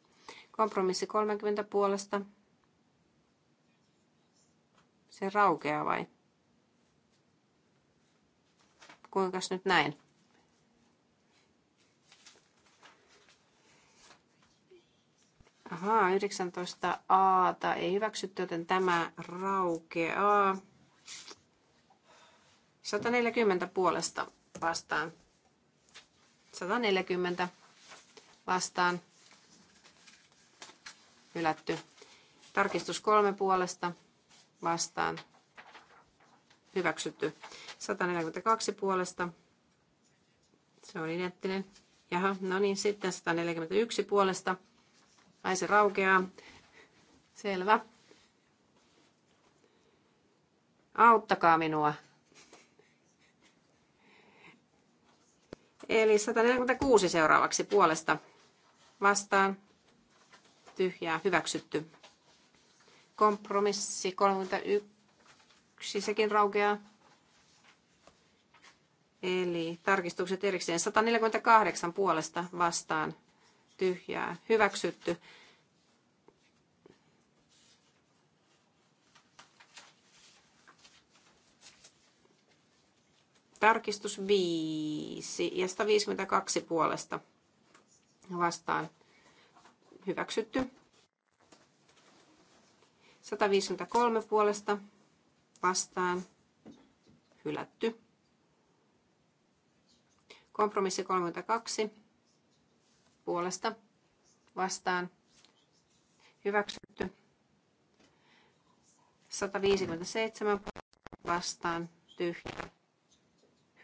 Kompromissi 30 puolesta. Se raukeaa vai? Kuinkas nyt näin? Ahaa, 19 aata ei hyväksytty, joten tämä raukeaa. 140 puolesta vastaan. 140 vastaan. Hylätty. Tarkistus kolme puolesta vastaan. Hyväksytty. 142 puolesta. Se on identtinen. Jaha, no niin, sitten 141 puolesta Ai se raukeaa. Selvä. Auttakaa minua. Eli 146 seuraavaksi puolesta vastaan. Tyhjää hyväksytty. Kompromissi 31, sekin raukeaa. Eli tarkistukset erikseen 148 puolesta vastaan tyhjää hyväksytty. Tarkistus 5 ja 152 puolesta vastaan hyväksytty. 153 puolesta vastaan hylätty. Kompromissi 32 puolesta vastaan hyväksytty. 157 vastaan tyhjä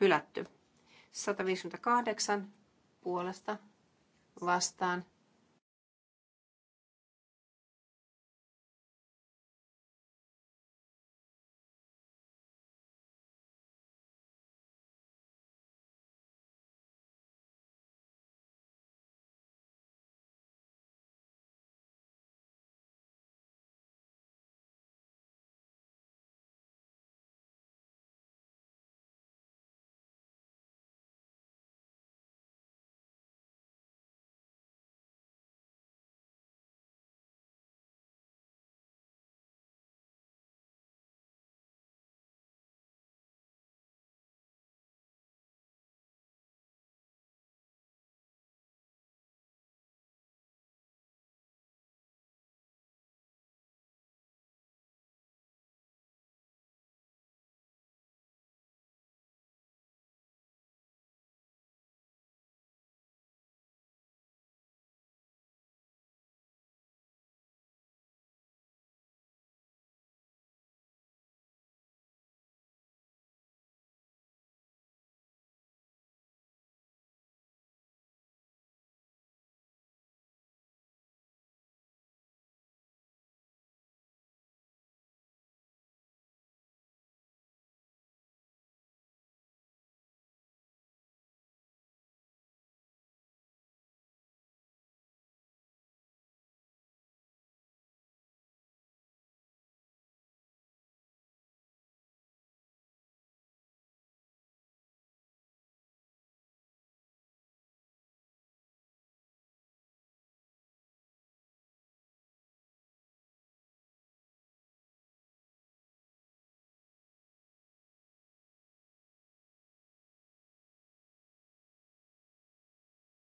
hylätty. 158 puolesta vastaan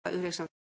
yhdeksän